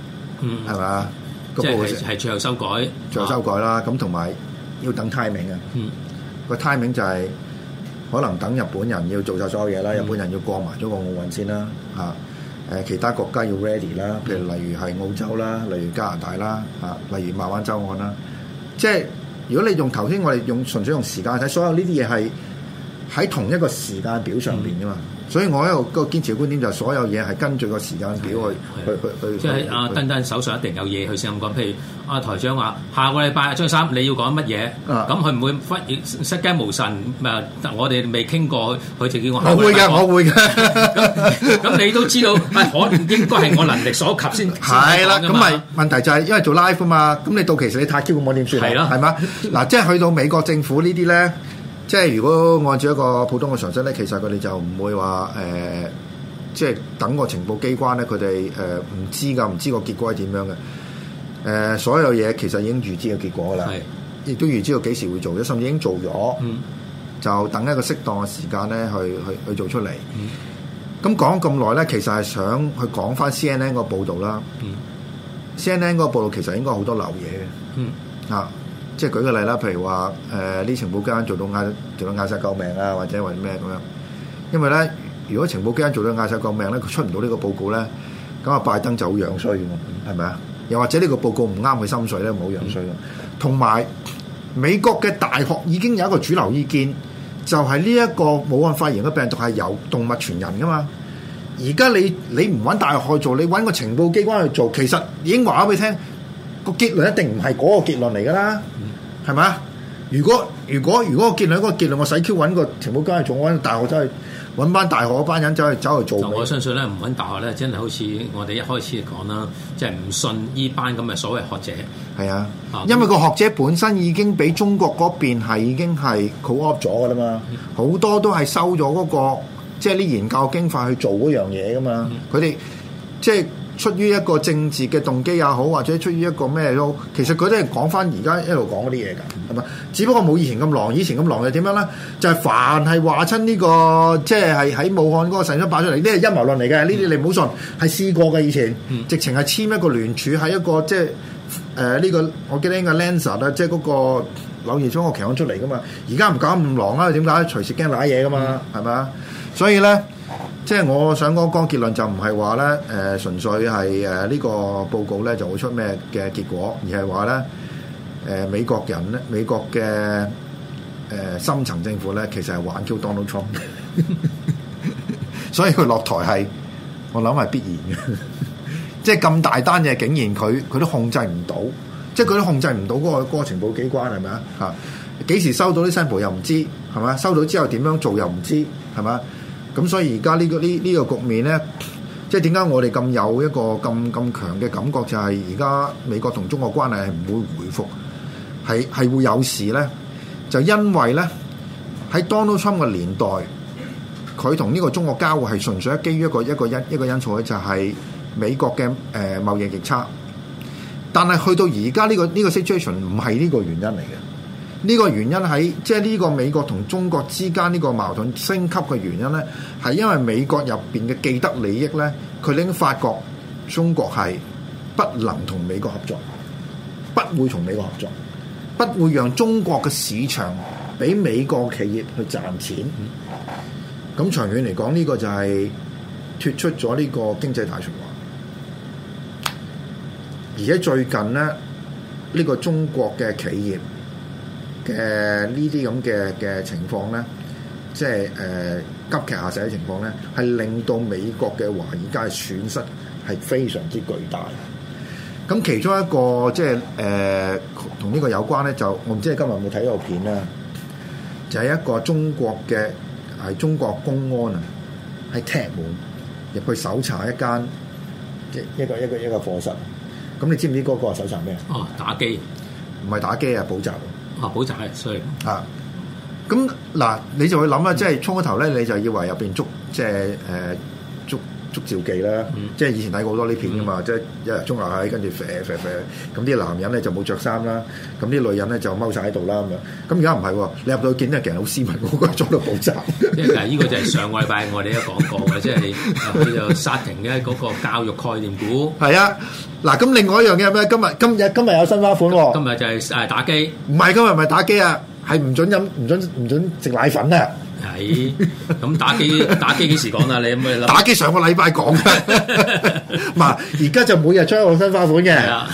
係嘛，嗯？個是報告係最後修改、最後修改啦。咁同埋要等 timing 啊。個 timing、嗯、就係可能等日本人要做晒所有嘢啦，嗯、日本人要過埋咗個奧運先啦。啊！誒，其他國家要 ready 啦，譬如例如係澳洲啦，例如加拿大啦，例如馬灣州岸啦，即係如果你用頭先我哋用純粹用時間睇，所有呢啲嘢係喺同一個時間表上面噶嘛。所以我喺度個堅持嘅觀點就係所有嘢係跟住個時間表去去去去。即係阿丹丹手上一定有嘢去先講，譬如阿台長話下個禮拜張三你要講乜嘢，咁佢唔會忽然失驚無神。唔，我哋未傾過，佢就叫我。我會嘅，我會嘅。咁你都知道，可能應該係我能力所及先。係啦，咁咪問題就係因為做 live 嘛，咁你到其時你太超，我點算？係咯，係嘛？嗱，即係去到美國政府呢啲咧。即係如果按照一個普通嘅常識咧，其實佢哋就唔會話誒、呃，即係等個情報機關咧，佢哋誒唔知噶，唔知個結果係點樣嘅。誒、呃，所有嘢其實已經預知嘅結果噶啦，係是，亦都預知到幾時會做咗，甚至已經做咗，嗯，就等一個適當嘅時間咧，去去去做出嚟。咁、嗯、講咁耐咧，其實係想去講翻 C N N 個報導啦。嗯，C N N 個報導其實應該好多流嘢嘅。嗯啊。即係舉個例啦，譬如話誒呢情報機關做到嗌做到嗌晒救命啊，或者或者咩咁樣。因為咧，如果情報機關做到嗌晒救命咧，佢出唔到呢個報告咧，咁啊拜登就好樣衰喎，係咪啊？又或者呢個報告唔啱佢心水咧，唔好樣衰。同埋、嗯、美國嘅大學已經有一個主流意見，就係呢一個武漢肺炎嘅病毒係由動物傳人㗎嘛。而家你你唔揾大學去做，你揾個情報機關去做，其實已經話咗俾你聽。結論個結論一定唔係嗰個結論嚟噶啦，係咪、嗯？如果如果如果結論、個結論，我使 Q 揾個情報家去做，揾大學走去揾翻大學班人走去走去做。我相信咧，唔揾大學咧，真係好似我哋一開始講啦，即係唔信呢班咁嘅所謂學者。係啊，啊因為個學者本身已經俾中國嗰邊係已經係好 co-opt 咗噶啦嘛，好、嗯、多都係收咗嗰、個即係啲研究經費去做嗰樣嘢噶嘛，佢哋即係。出於一個政治嘅動機也好，或者出於一個咩都好，其實佢都係講翻而家一路講嗰啲嘢㗎，係嘛？只不過冇以前咁狼，以前咁狼就點樣咧？就係、是、凡係話親呢個即係係喺武漢嗰個神經爆出嚟，呢係陰謀論嚟嘅。呢啲、嗯、你唔好信，係試過嘅以前，直情係簽一個聯署喺一個即係誒呢個我記得呢個 Lancer 啦，即係嗰個柳葉刀個期刊出嚟㗎嘛。而家唔搞咁狼啦，點解？隨時驚攋嘢㗎嘛，係嘛、嗯？所以咧。即係我想講，剛結論就唔係話咧，誒、呃、純粹係誒呢個報告咧就會出咩嘅結果，而係話咧，美國人咧，美國嘅、呃、深層政府咧，其實係玩 Q Donald Trump， 所以佢落台係我諗係必然嘅。 即係咁大單嘢，竟然佢佢都控制唔到，即係佢都控制唔到嗰個個情報機關係咪啊？嚇幾時收到啲新報又唔知係嘛？收到之後點樣做又唔知係嘛？是咁所以而家呢個呢呢個局面咧，即係點解我哋咁有一個咁咁強嘅感覺，就係而家美國同中國關係係唔會回復，係係會有事咧？就因為咧喺 Donald Trump 嘅年代，佢同呢個中國交往係純粹基於一個一個因一個因素，咧，就係美國嘅誒貿易逆差。但係去到而家呢個呢個 situation 唔係呢個原因嚟嘅。呢個原因喺即係呢個美國同中國之間呢個矛盾升級嘅原因呢，係因為美國入邊嘅既得利益呢，佢已經發覺中國係不能同美國合作，不會同美國合作，不會讓中國嘅市場俾美國企業去賺錢。咁長遠嚟講，呢個就係脫出咗呢個經濟大循環。而且最近呢，呢個中國嘅企業。嘅呢啲咁嘅嘅情況咧，即係誒、呃、急劇下跌嘅情況咧，係令到美國嘅華爾街損失係非常之巨大。咁其中一個即係誒同呢個有關咧，就我唔知你今日有冇睇到片咧，就係、是、一個中國嘅係中國公安啊，喺踢門入去搜查一間嘅一個一個一個課室。咁你知唔知嗰個搜查咩啊？哦，打機唔係打機啊，補習。啊，好，就係，衰。啊，咁嗱，你就會諗啦，即係初頭呢，你就以為入邊捉，即係誒。呃《捉妖記》啦，即係以前睇過好多呢片噶嘛，嗯、即係一日鐘遊喺，跟住肥肥肥，咁啲男人咧就冇着衫啦，咁啲女人咧就踎晒喺度啦，咁樣。咁而家唔係喎，你入到去見咧，其實好斯文，嗰個裝得好雜。呢個就係上個禮拜我哋都講過嘅， 即係叫做「殺停嘅嗰個教育概念股。係啊，嗱，咁另外一樣嘢係咩？今日今日今日有新花款喎、啊。今日就係誒打機。唔係今日唔係打機啊，係唔准飲，唔准唔准食奶粉啊！喺咁 打機打機幾時講啊？你有冇嘢諗？打機上個禮拜講嘅。嗱，而家就每日出一個新花款嘅。嗱誒的、啊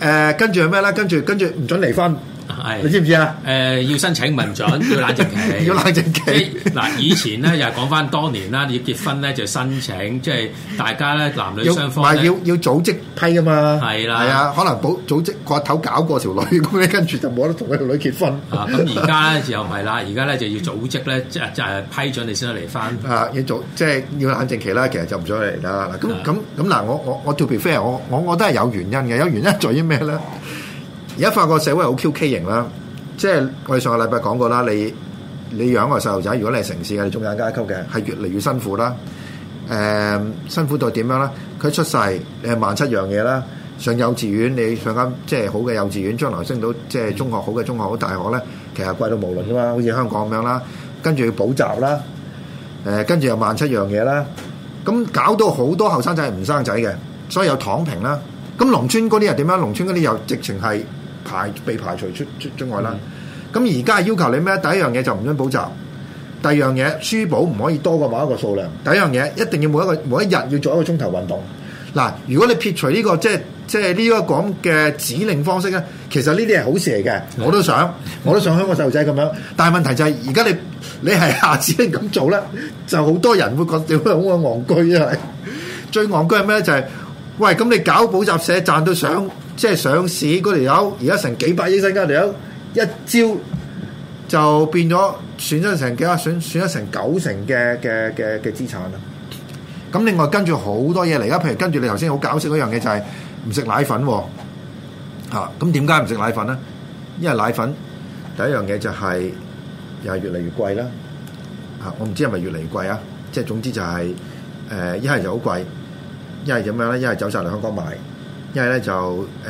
呃，跟住係咩咧？跟住跟住唔准離婚。是你知唔知啊？誒、呃、要申請唔準，要冷靜期， 要冷靜期。嗱，以前咧又係講翻當年啦，要結婚咧就申請，即係大家咧男女雙方唔係要要，要組織批噶嘛？係啦的，係啊的，可能組組織個頭搞過條女，咁咧跟住就冇得同佢條女結婚。啊，咁而家咧就唔係啦，而家咧就要組織咧 即係即係批准你先得嚟翻。啊，要組即係要冷靜期啦，其實就唔想嚟啦。咁咁咁嗱，我我 to be fair, 我特別 f a r 我我我都係有原因嘅，有原因在於咩咧？而家發覺社會係好 QK 型啦，即係我哋上個禮拜講過啦。你你養個細路仔，如果你係城市嘅，你中產階級嘅，係越嚟越辛苦啦。誒、嗯，辛苦到點樣咧？佢出世誒萬七樣嘢啦，上幼稚園，你上間即係好嘅幼稚園，將來升到即係中學好嘅中學好大學咧，其實貴到無倫噶嘛，好似香港咁樣啦。跟住要補習啦，誒、呃，跟住又萬七樣嘢啦。咁搞到好多後生仔係唔生仔嘅，所以又躺平啦。咁農村嗰啲又點樣？農村嗰啲又直情係。排被排除出出，出外啦，咁而家要求你咩？第一樣嘢就唔准補習，第二樣嘢書簿唔可以多過某一個數量，第一樣嘢一定要每一個每一日要做一個鐘頭運動。嗱，如果你撇除呢、呢個即係即係呢個講嘅指令方式咧，其實呢啲係好事嚟嘅，我都想我都想香港細路仔咁樣。嗯、但係問題就係而家你你係下次你咁做咧，就好多人會覺得你好好戇居啊！最戇居係咩就係、是、喂，咁你搞補習社賺到想。嗯即係上市嗰條友，而家成幾百億身家條友，一招就變咗損咗成幾多損損咗成九成嘅嘅嘅嘅資產啊！咁另外跟住好多嘢嚟啊，譬如跟住你頭先好搞笑嗰樣嘢就係唔食奶粉喎嚇！咁點解唔食奶粉咧？因為奶粉第一樣嘢就係又係越嚟越貴啦嚇！我唔知係咪越嚟越貴啊！即係總之就係誒一係就好貴，一係點樣咧？一係走曬嚟香港買。因為咧就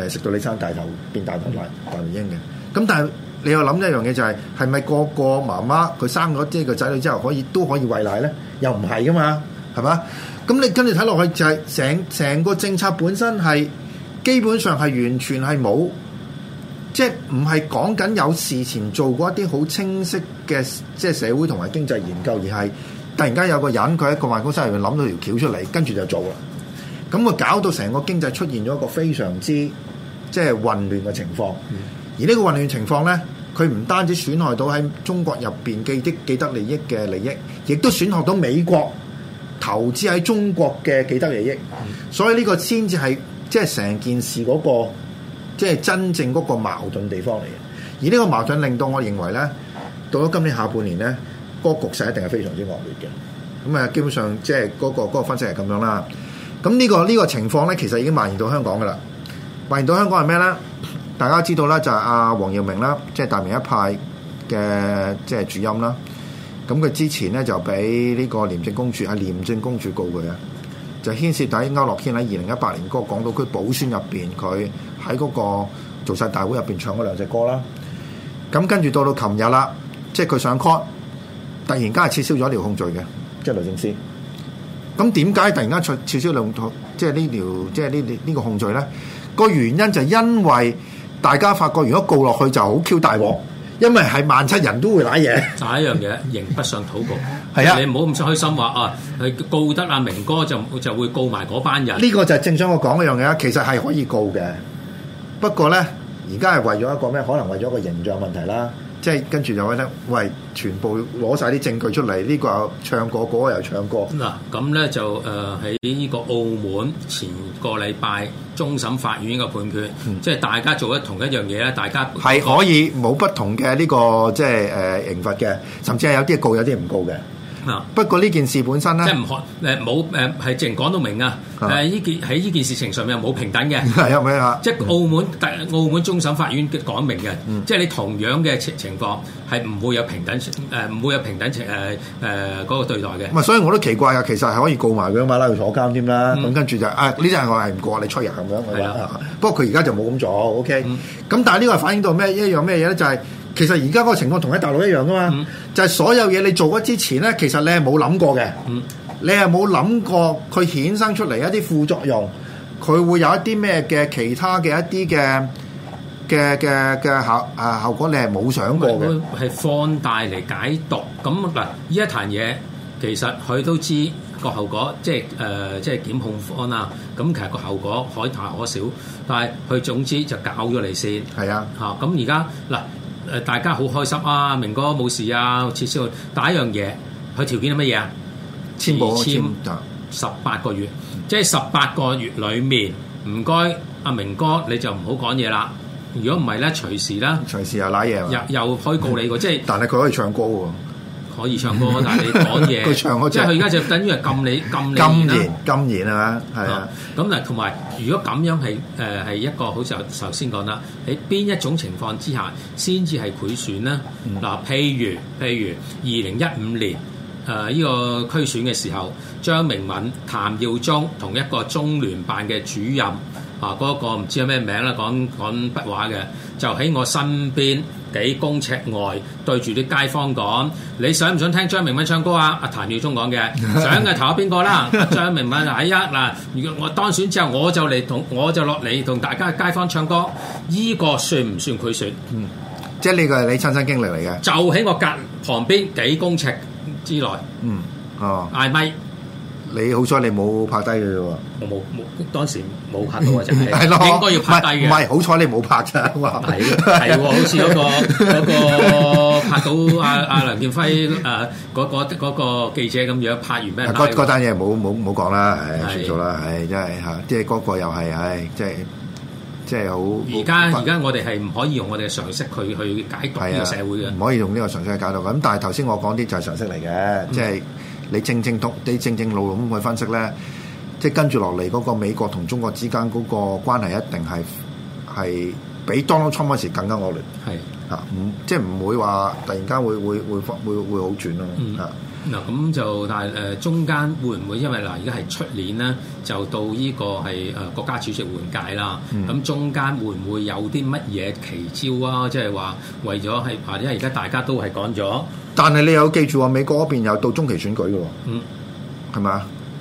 誒食到你生大頭變大頭奶大唔嬰嘅，咁但係你又諗一樣嘢就係係咪個個媽媽佢生咗即係個仔女之後可以都可以餵奶咧？又唔係噶嘛，係嘛？咁你跟住睇落去就係成成個政策本身係基本上係完全係冇，即係唔係講緊有事前做過一啲好清晰嘅即係社會同埋經濟研究，而係突然間有個人佢喺個辦公室入面諗到條橋出嚟，跟住就做啦。咁咪搞到成個經濟出現咗一個非常之即係混亂嘅情況，嗯、而呢個混亂情況咧，佢唔單止損害到喺中國入面嘅既得既得利益嘅利益，亦都損害到美國投資喺中國嘅既得利益，嗯、所以呢個先至係即係成件事嗰、嗰個即係、即係、真正嗰個矛盾地方嚟嘅。而呢個矛盾令到我認為咧，到咗今年下半年咧，個局勢一定係非常之惡劣嘅。咁、嗯、啊，基本上即係嗰個嗰、嗰個分析係咁樣啦。咁呢、呢個呢、呢個情況咧，其實已經蔓延到香港噶啦，蔓延到香港係咩咧？大家知道咧，就係阿黃耀明啦，即、就、係、係、大明一派嘅即係主音啦。咁佢之前咧就俾呢個廉政公署，阿、啊、廉政公署告佢啊，就牽涉喺區諾軒喺二零一八年嗰個港島區補選入邊，佢喺嗰個造勢大會入邊唱過兩隻歌啦。咁跟住到到琴日啦，即係佢上 court 突然間係撤銷咗條控罪嘅，即係律政司。咁點解突然間出少少兩套，即係呢條，即係呢呢呢個控罪咧？個原因就係因為大家發覺，如果告落去就好 Q 大鑊，因為係萬七人都會揦嘢，揦一樣嘢，刑不上討告，係 啊！你唔好咁開心話啊，係告得阿明哥就就會告埋嗰班人。呢個就係正想我講嘅一樣嘢啦，其實係可以告嘅，不過咧，而家係為咗一個咩？可能為咗個形象問題啦。即係跟住又覺得，喂！全部攞晒啲證據出嚟，呢個唱過嗰個又唱過。嗱、這個，咁咧、嗯、就誒喺呢個澳門前個禮拜終審法院嘅判決，嗯、即係大家做一同一樣嘢咧，大家係可以冇不同嘅呢、這個即係誒刑罰嘅，甚至係有啲係告，有啲唔告嘅。啊！嗯、不過呢件事本身咧，即係唔可誒冇誒係淨講到明啊！誒呢吧、呃、件喺呢件事情上面冇平等嘅，係有咩啊？即係澳門大、嗯、澳門終審法院講明嘅，嗯、即係你同樣嘅情情況係唔會有平等誒唔、呃、會有平等誒誒嗰個對待嘅。所以我都奇怪啊！其實係可以告埋佢啊嘛，拉佢坐監添啦。咁、嗯嗯、跟住就啊，呢啲人我係唔告你出人咁、啊、樣。係啦，的不過佢而家就冇咁做。OK，咁、嗯、但係呢個是反映到咩一樣咩嘢咧？就係、是。其實而家嗰個情況同喺大陸一樣噶嘛，就係、是、所有嘢你做咗之前咧，其實你係冇諗過嘅，你係冇諗過佢衍生出嚟一啲副作用，佢會有一啲咩嘅其他嘅一啲嘅嘅嘅嘅後啊後果，你係冇想過嘅，係放大嚟解讀。咁嗱，呢一壇嘢其實佢都知個後果，即係誒、呃、即係檢控方啦。咁其實個後果可大可小，但係佢總之就搞咗你先。係是啊，啊，嚇咁而家嗱。誒大家好開心啊！明哥冇事啊，至少第一樣嘢。佢條件係乜嘢啊？簽保簽十八個月，嗯、即係十八個月裏面唔該，阿明，明哥你就唔好講嘢啦。如果唔係咧，隨時啦，隨時又拉嘢，又又可以告你個，即係。但係佢可以唱歌喎。可以唱歌，但係你講嘢， 佢唱即係佢而家就等於係禁你禁你禁言禁言係嘛？係啊。咁嗱，同埋、啊、如果咁樣係誒係一個好似頭先講啦。喺邊一種情況之下先至係賄選呢？嗱、啊，譬如譬如二零一五年誒呢、啊這個區選嘅時候，張明敏、譚耀宗同一個中聯辦嘅主任啊，嗰、那個唔知有咩名啦，講講筆畫嘅，就喺我身邊。幾公尺外對住啲街坊講，你想唔想聽張明敏唱歌啊？阿、啊、譚耀宗講嘅，想嘅投下邊個啦？張、 啊、明敏就哎呀啦，如果我當選之後，我就嚟同我就落嚟同大家街坊唱歌，依、這個算唔算賄選？嗯，即係呢個係你親身經歷嚟嘅，就喺我隔旁邊幾公尺之內。嗯，哦，挨咪？你好彩你冇拍低佢喎，我冇，當時冇拍到就係，應該要拍低嘅。唔係好彩你冇拍咋，哇！係喎，好似嗰個嗰個拍到阿阿梁建輝誒，嗰個記者咁樣拍完咩？嗰單嘢冇冇冇講啦，算數啦，係真係吓，即係嗰個又係，係即係即係好。而家而家我哋係唔可以用我哋嘅常識去去解讀呢個社會嘅，唔可以用呢個常識去解讀。咁但係頭先我講啲就係常識嚟嘅，即係。你正正讀，你正正路咁去分析咧，即跟住落嚟嗰個美國同中國之間嗰個關係一定係係比 Donald Trump 嗰時更加惡劣，係啊是，唔即唔會話突然間會會會會會好轉咯，啊、嗯！嗱咁就但係中間會唔會因為嗱而家係出年咧就到呢個係國家主席換屆啦，咁、嗯、中間會唔會有啲乜嘢奇招啊？即係話為咗係因為而家大家都係講咗，但係你又記住喎，美國嗰邊又到中期選舉嘅喎，嗯係咪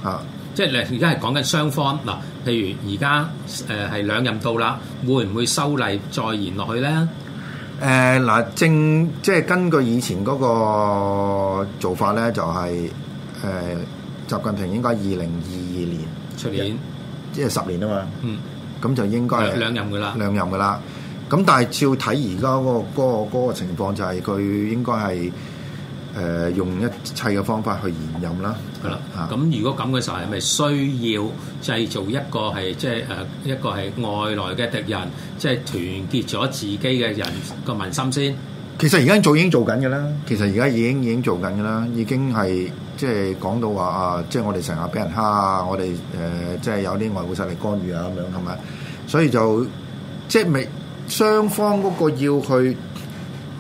啊？即係你而家係講緊雙方嗱，譬如而家係兩任到啦，會唔會修例再延落去咧？誒嗱、呃，正即係根據以前嗰個做法咧，就係、是、誒、呃、習近平應該二零二二年出年，年即係十年啊嘛。嗯，咁就應該係兩任嘅啦，兩任嘅啦。咁但係照睇而家嗰個嗰嗰、嗰個嗰個情況，就係佢應該係。誒、呃、用一切嘅方法去延任啦，係啦，嚇咁如果咁嘅時候係咪需要製造一個係即係誒一個係外來嘅敵人，即係團結咗自己嘅人個民心先？其實而家做已經做緊嘅啦，其實而家已經已經做緊嘅啦，已經係即係講到話啊，即係我哋成日俾人蝦，我哋誒即係有啲外國勢力干預啊咁樣，係咪？所以就即係未雙方嗰個要去。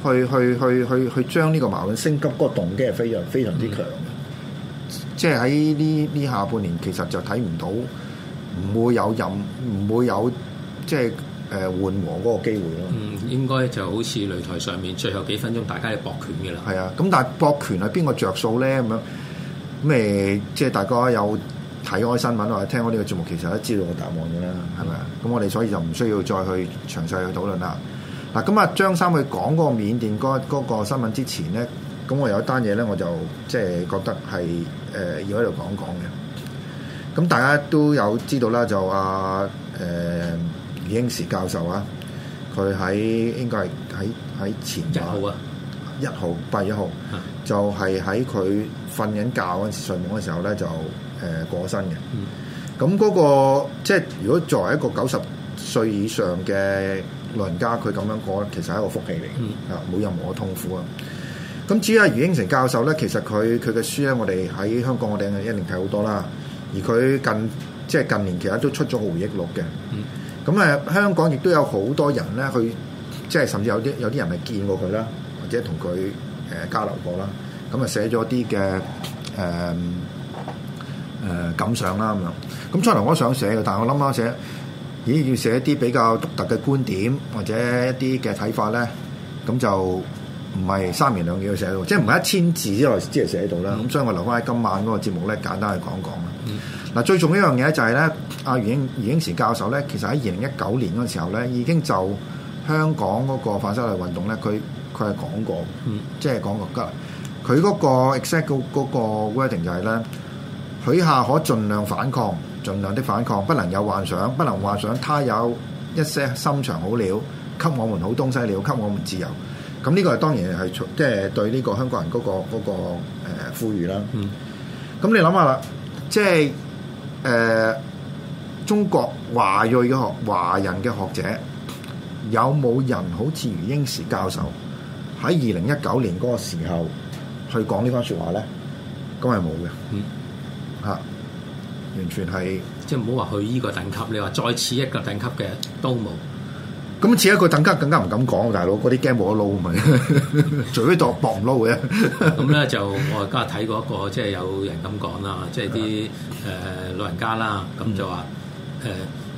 去去去去去將呢個矛盾升級，嗰個動機係非常非常之強嘅。嗯、即係喺呢呢下半年，其實就睇唔到，唔會有任唔、嗯、會有即係誒緩和嗰個機會咯。嗯，應該就好似擂台上面最後幾分鐘，大家要搏拳嘅啦。係啊，咁但係搏拳係邊個着數咧？咁樣咩？即係大家有睇開新聞或者聽開呢個節目，其實都知道個答案嘅啦。係咪啊？咁、嗯、我哋所以就唔需要再去詳細去討論啦。嗱咁啊，張生去講嗰個緬甸嗰個新聞之前咧，咁我有一單嘢咧，我就即係覺得係誒、呃、要喺度講講嘅。咁大家都有知道啦，就阿誒余英時教授啊，佢喺應該係喺喺前日，日號啊 1日，一號八月一號，啊、就係喺佢瞓緊覺嗰陣時、睡夢嘅時候咧，就、呃、誒過身嘅。咁嗰、那個即係如果作為一個九十歲以上嘅，老人家佢咁樣講，其實係一個福氣嚟啊，冇任何嘅痛苦啊。咁至於阿余英成教授咧，其實佢佢嘅書咧，我哋喺香港我哋一定睇好多啦。而佢近即係近年，其實都出咗《回憶錄》嘅。咁啊，香港亦都有好多人咧，去即係甚至有啲有啲人係見過佢啦，或者同佢誒交流過啦。咁啊，寫咗啲嘅誒誒感想啦咁樣。咁出嚟我都想寫嘅，但係我諗下寫。咦，要寫一啲比較獨特嘅觀點或者一啲嘅睇法咧，咁就唔係三言兩語寫到，即係唔係一千字之內即係寫到啦。咁、嗯、所以我留翻喺今晚嗰個節目咧，簡單去講講啊。嗱、嗯，最重要一樣嘢就係、是、咧，阿余英余英時教授咧，其實喺二零一九年嗰時候咧，已經就香港嗰個反修例運動咧，佢佢係講過，即係、嗯、講過吉。佢嗰個 exact 嗰個 wording 就係、是、咧，許下可盡量反抗。儘量的反抗，不能有幻想，不能幻想他有一些心腸好了，給我們好東西了，給我們自由。咁呢個係當然係即係對呢個香港人嗰、那個嗰、那個誒呼籲啦。咁、嗯、你諗下啦，即係誒、呃、中國華裔嘅學華人嘅學者，有冇人好似余英時教授喺二零一九年嗰個時候去講這番呢番説話咧？咁係冇嘅。嗯，嚇。完全係，即係唔好話去依個等級，你話再次一個等級嘅都冇。咁似一個等級更加唔敢講，大佬嗰啲 game 冇得撈，咪 除非度搏唔撈嘅。咁咧 就我而家睇過一個，即係有人咁講啦，即係啲誒老人家啦，咁就話誒。嗯呃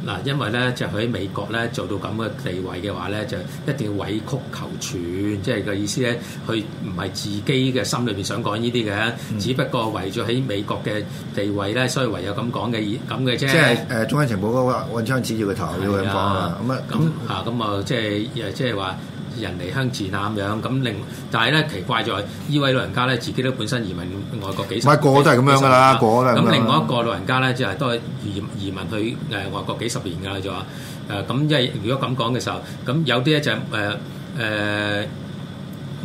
嗱，因為咧就佢喺美國咧做到咁嘅地位嘅話咧，就一定要委曲求全，即係嘅意思咧，佢唔係自己嘅心裏邊想講呢啲嘅，嗯、只不過為咗喺美國嘅地位咧，所以唯有咁講嘅咁嘅啫。即係誒中央情報嗰個揾張紙要佢頭要咁講啊咁啊咁啊咁啊，即係即係話。人離鄉賤啊，咁樣，咁另，但係咧奇怪在呢位老人家咧，自己都本身移民外國幾十年，唔係個個都係咁樣噶啦，咁。另外一個老人家咧，就係都係移移民去誒外國幾十年㗎，就話誒咁，因為如果咁講嘅時候，咁有啲就誒誒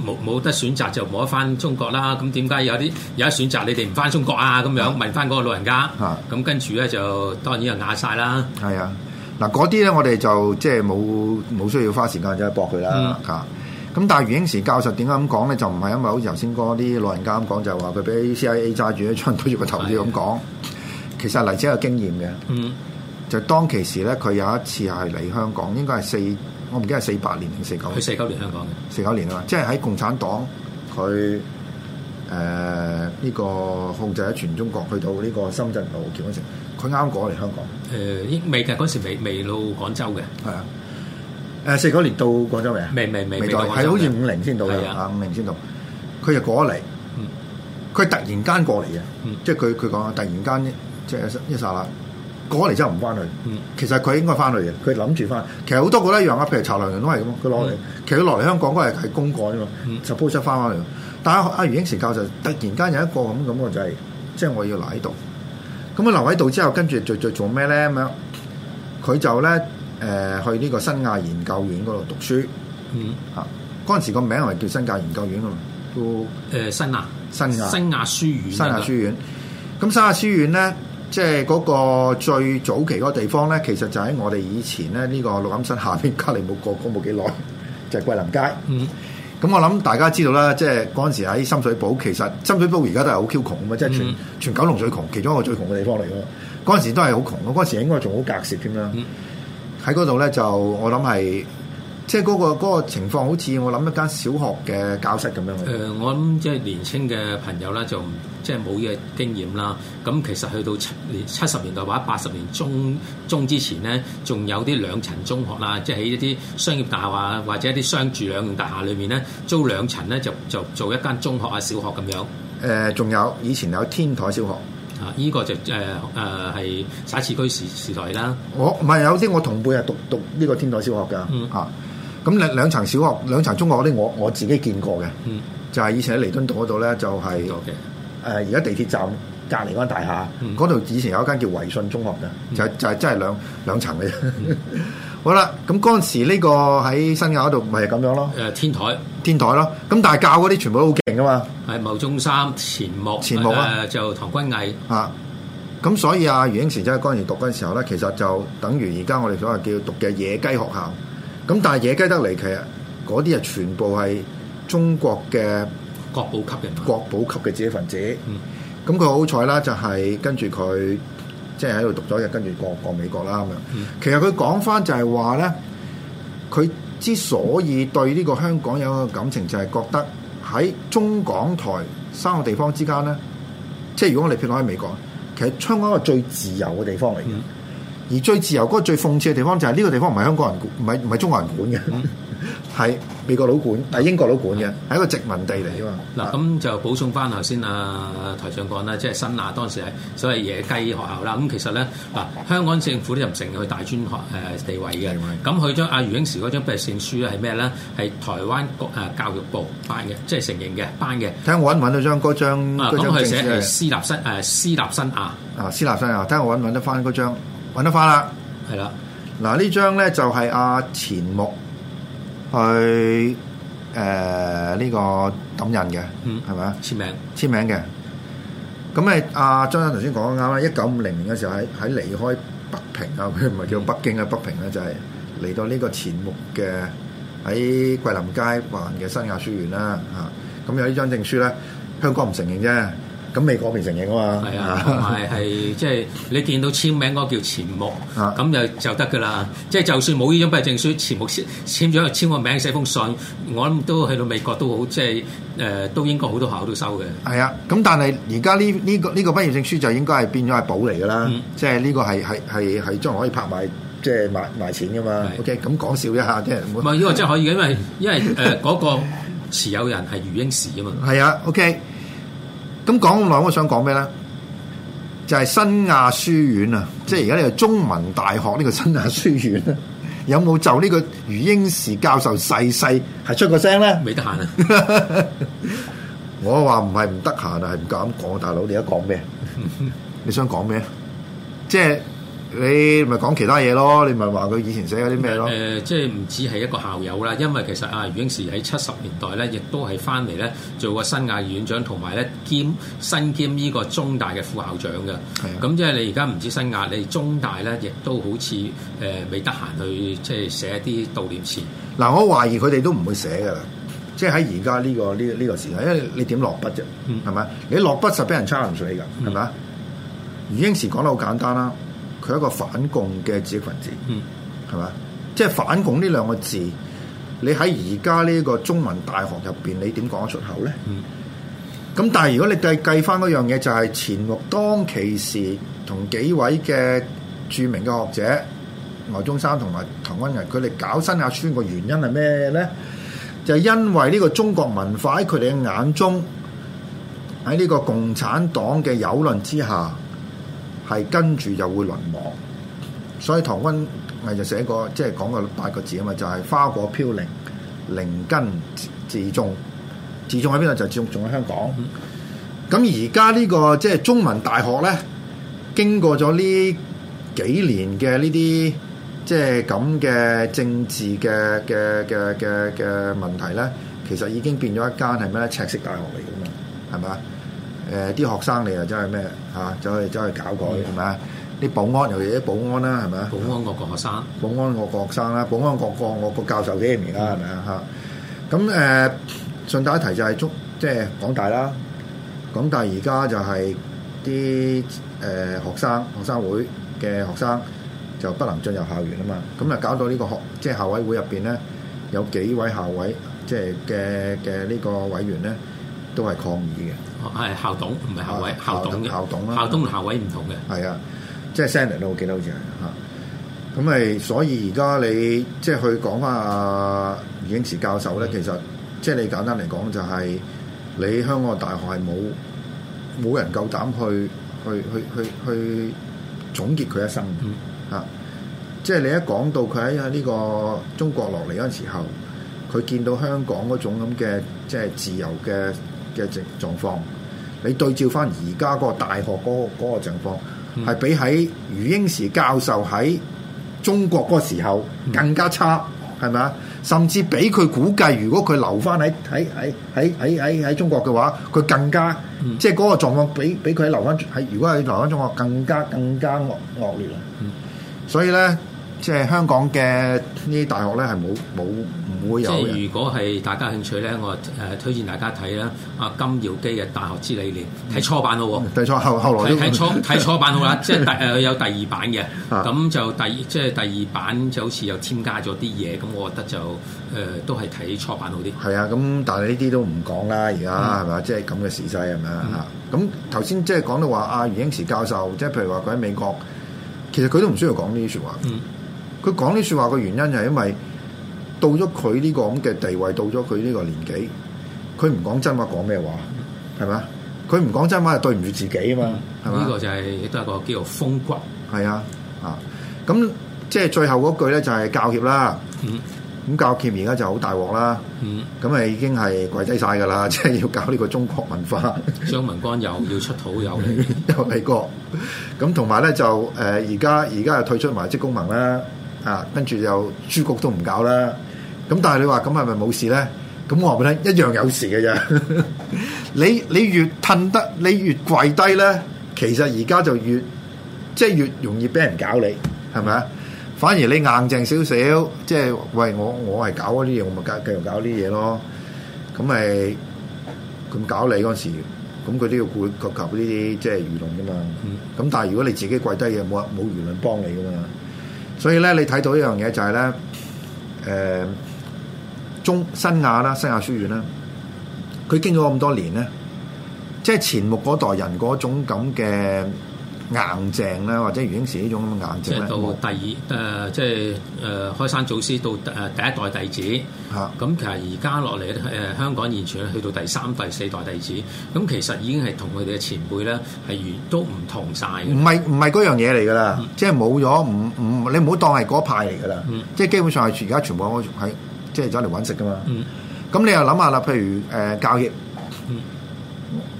冇冇得選擇就冇得翻中國啦。咁點解有啲有得選擇，你哋唔翻中國啊？咁樣問翻嗰個老人家，咁跟住咧就當然就啞晒啦。係啊。嗱，嗰啲咧，我哋就即係冇冇需要花時間走去駁佢啦嚇。咁、嗯啊、但係余英時教授點解咁講咧？就唔係因為好似頭先嗰啲老人家咁講，就係話佢俾 CIA 揸住咧，槍推住個頭先咁講。是的其實嚟姐有經驗嘅，嗯、就當其時咧，佢有一次係嚟香港，應該係四，我唔記得係四八年定四九年，四九年嚟香港四九年啊嘛，即係喺共產黨佢誒呢個控制喺全中國，去到呢個深圳羅湖橋嗰陣。佢啱過嚟香港？誒，未嘅嗰時未未到廣州嘅。係啊。誒，四九年到廣州未啊？未未未未到。係好似五零先到嘅啊！五零先到。佢就過嚟。佢突然間過嚟嘅。即係佢佢講啊，突然間即係一剎啦。過嚟之後唔翻去。其實佢應該翻去嘅。佢諗住翻。其實好多嗰啲一樣啊，譬如查良鏞都係咁佢攞嚟，其實落嚟香港嗰係公幹啫嘛。就 po 出翻返嚟。但係阿余英時教授突然間有一個咁嘅就係，即係我要留喺度。咁佢留喺度之後，跟住就做咩咧？咁佢就咧、呃、去呢個新亞研究院嗰度讀書。嗯，嗰陣、啊、時個名係叫新亞研究院噶嘛、呃？新亞、新亞、新亞書院、新亞書院。咁新亞書院咧，即係嗰個最早期嗰個地方咧，其實就喺我哋以前咧呢、呢個錄音室下面，隔離冇過冇幾耐，就係、是、桂林街。嗯。咁我諗大家知道啦，即係嗰時喺深水埗，其實深水埗而家都係好 Q 窮嘅嘛，即係全、mm. 全九龍最窮，其中一個最窮嘅地方嚟嘅。嗰時都係好窮，我嗰時應該仲好隔涉添啦。喺嗰度咧，就我諗係。即係嗰、嗰個嗰個情況，好似我諗一間小學嘅教室咁樣、呃。我諗即係年輕嘅朋友啦，就唔即係冇呢個經驗啦。咁其實去到七年七十年代或者八十年中中之前咧，仲有啲兩層中學啦，即係喺一啲商業大廈，或者一啲商住兩用大廈裏面咧，租兩層咧就就做一間中學啊小學咁樣。仲、呃、有以前有天台小學啊，呢個就係徙、呃呃、置區時代啦。我唔係有啲我同輩係讀讀呢個天台小學㗎。嗯、啊咁兩,兩層小學、兩層中學嗰啲，我自己見過嘅，嗯、就係以前喺彌敦道嗰度呢，就係誒而家地鐵站隔離嗰間大廈，嗰度、嗯、以前有一間叫維信中學嘅，就就係真係兩兩層嘅。嗯、好啦，咁嗰時呢個喺新亞嗰度，咪係咁樣囉，天台，天台咯。咁但係教嗰啲全部都好勁㗎嘛？係牟宗三錢穆，錢穆誒就唐君毅咁、啊、所以啊，余英時真係嗰陣讀嗰時候呢，其實就等於而家我哋所謂叫讀嘅野雞學校。咁但係野雞得嚟，其實嗰啲啊全部係中國嘅國寶級嘅國寶級嘅知識分子。咁佢好彩啦，就係跟住佢即係喺度讀咗日，跟住過過美國啦咁樣。其實佢講返就係話咧，佢之所以對呢個香港有個感情，就係覺得喺中港台三個地方之間咧，即係如果我哋撇落喺美國，其實香港係最自由嘅地方嚟嘅。嗯而最自由嗰、那個最諷刺嘅地方就係呢個地方唔係香港人管，唔係唔係中國人管嘅，係、嗯、美國佬管，係英國佬管嘅，係的一個殖民地嚟嘅嘛。嗱咁就補充翻頭先啊，台長講啦，即係新亞當時係所謂野雞學校啦。咁其實咧，嗱香港政府都唔承認佢大專學誒地位嘅。咁佢的將阿余英時嗰張畢業證書咧係咩咧？係台灣國教育部頒嘅，即係承認嘅，頒嘅。睇下我揾唔揾到張嗰張嗰張證書啊！私立新誒私立新亞啊！私立新亞，睇下我揾唔揾得翻嗰張。揾得翻啦，係啦的。嗱呢張咧就係阿、啊、錢木錢穆去誒呢、呃這個抌印嘅，係咪、嗯？簽吧名簽名嘅。咁誒阿張生頭先講得啱啦。一九五零年嘅時候喺喺離開北平啊，佢唔係叫北京嘅、嗯、北平咧就係嚟到呢個錢穆嘅喺桂林街辦嘅新亞書院啦。嚇，咁有呢張證書咧，香港唔承認啫。咁美國未承認啊嘛，係啊，同埋係即係你見到簽名嗰個叫錢穆，咁、啊、就就得噶啦。即係就算冇呢張畢業證書，錢穆簽咗又簽個名寫封信，我諗都去到美國都好，即、就、係、是呃、都應該好多學校都收嘅。係啊，咁但係而家呢呢個呢、這個畢業證書就應該係變咗係寶嚟㗎啦，即係呢個係係將可以拍賣，即係賣賣錢㗎嘛。啊、OK，咁講笑一下啫。唔係呢個真係可以，因 因為誒嗰、呃那個持有人係余英時啊嘛。係啊，OK。咁講咁耐，我想講咩咧？就係、是、新亞書院啊，即係而家呢個中文大學呢個新亞書院啊，有冇就呢個余英時教授細細係出個聲咧？未得閒啊 我！我話唔係唔得閒啊，係唔敢講，大佬你而家講咩？你想講咩？即係。你咪講其他嘢咯，你咪話佢以前寫咗啲咩咯？誒、呃呃，即係唔止係一個校友啦，因為其實啊，余英時喺七十年代咧，亦都係翻嚟咧做過新亞院長，同埋咧兼新兼呢個中大嘅副校長嘅。係咁的即係你而家唔止新亞，你中大咧亦都好似誒未得閒去即係寫一啲悼念詞。嗱，我懷疑佢哋都唔會寫噶啦，即係喺而家呢個呢呢、呢個時代，因為你點落筆啫？係咪？你落筆實俾、嗯、人抽鹹水㗎，係嘛？嗯、余英時講得好簡單啦。佢係一個反共嘅知識分子，係嘛？嗯、即係反共呢兩個字，你喺而家呢個中文大學入邊，你點講得出口咧？咁、嗯、但係如果你計計翻嗰樣嘢，就係、係、前當其時同幾位嘅著名嘅學者，牟、嗯、宗三同埋唐君毅，佢哋搞新亞村嘅原因係咩咧？就係、因為呢個中國文化喺佢哋嘅眼中，喺呢個共產黨嘅有論之下。係跟住就會淪亡，所以唐君毅就寫個即係講個八個字啊嘛，就係、是、花果飄零，靈根自種，自種喺邊度？就是、自種仲喺香港。咁而家呢個即係中文大學咧，經過咗呢幾年嘅呢啲即係咁嘅政治嘅嘅嘅嘅嘅問題咧，其實已經變咗一間係咩咧？赤色大學嚟㗎嘛，係咪？誒啲、呃、學生你又真係咩嚇？走去走去搞改係咪啊？啲保安又有啲保安啦係咪啊？保安個個學,學生，保安個個學生啦，保安個個我個教授幾年啦係咪啊？嚇！咁誒、嗯呃、順帶一提就係中即係港大啦。港大而家就係啲誒學生學生會嘅學生就不能進入校園啊嘛。咁啊搞到呢個學即係、就是、校委會入邊咧，有幾位校委即係嘅嘅呢個委員咧都係抗議嘅。係校董，唔係校委。校、校董校董啦，校董同校、董校委唔同嘅。係啊，即係 senior 咯，我記得好似係吓。咁咪所以而家你即係去講翻阿余英時教授咧，嗯、其實即係你簡單嚟講就係、是、你香港大學係冇冇人夠膽去去去去去總結佢一生。吓、啊，即係你一講到佢喺呢個中國落嚟嗰陣時候，佢見到香港嗰種咁嘅即係自由嘅嘅狀狀況你對照翻而家個大學嗰嗰個情況，係比喺余英時教授喺中國嗰個時候更加差，係咪啊？甚至比佢估計，如果佢留翻喺喺喺喺喺喺喺中國嘅話，佢更加、嗯、即係嗰個狀況比比佢留翻喺如果喺台灣中學更加更加惡惡劣啊、嗯！所以咧。即係香港嘅呢啲大學咧，係冇冇唔會有，即係如果係大家興趣咧，我誒推薦大家睇啦。阿金耀基嘅《大學之理念》嗯，睇初版好喎。睇錯後後來。睇初睇初版好啦， 即係第、呃、有第二版嘅咁、啊、就第即係第二版就好似又添加咗啲嘢，咁我覺得就誒、呃、都係睇初版好啲。係啊，咁但係呢啲都唔講啦。而家係咪？即係咁嘅時勢係咪啊？嚇咁頭先即係講到話阿余英時教授，即係譬如話佢喺美國，其實佢都唔需要講呢啲説話。嗯佢講呢説話嘅原因就係因為到咗佢呢個咁嘅地位，到咗佢呢個年紀，佢唔講真話講咩話，係咪？佢唔講真話就對唔住自己啊嘛，係咪、嗯？呢吧個就係亦都一個叫做風骨，係啊，啊咁即係最後嗰句咧就係、是、教協啦，咁、嗯、教協而家就好大鑊啦，咁啊、嗯、已經係跪低晒㗎啦，即係要搞呢個中國文化，張文光有要出土有，嗯、那還有美國，咁同埋咧就誒而家而家又退出埋職工盟啦。啊，跟住又豬局都唔搞啦，咁但係你話咁係咪冇事咧？咁我話俾你聽，一樣有事嘅啫。 你你越褪得，你越跪低咧，其實而家就越即係、就是、越容易俾人搞你，係咪啊？反而你硬淨少少，即係喂我我係搞嗰啲嘢，我咪繼繼續搞啲嘢咯。咁咪，咁搞你嗰時，咁佢都要顧及呢啲即係輿論噶嘛。咁、嗯、但係如果你自己跪低嘅，冇冇輿論幫你噶嘛。所以咧，你睇到一樣嘢就係、是、咧，誒、呃、中新亞啦，新亞書院啦，佢經過咁多年咧，即係錢穆嗰代人嗰種咁嘅，硬淨咧，或者袁興時呢種咁嘅硬淨咧。即係到第二誒我、呃，即係誒、呃、開山祖師到誒第一代弟子。嚇、啊！咁其實而家落嚟誒香港現存去到第三代、第四代弟子，咁其實已經係同佢哋嘅前輩咧係完都唔同晒。唔係唔係嗰樣嘢嚟㗎啦，嗯、即係冇咗唔唔，你唔好當係嗰派嚟㗎啦。嗯、即係基本上係而家全部喺即係走嚟揾食㗎嘛。咁、嗯、你又諗下啦？譬如誒、呃、教協，嗯、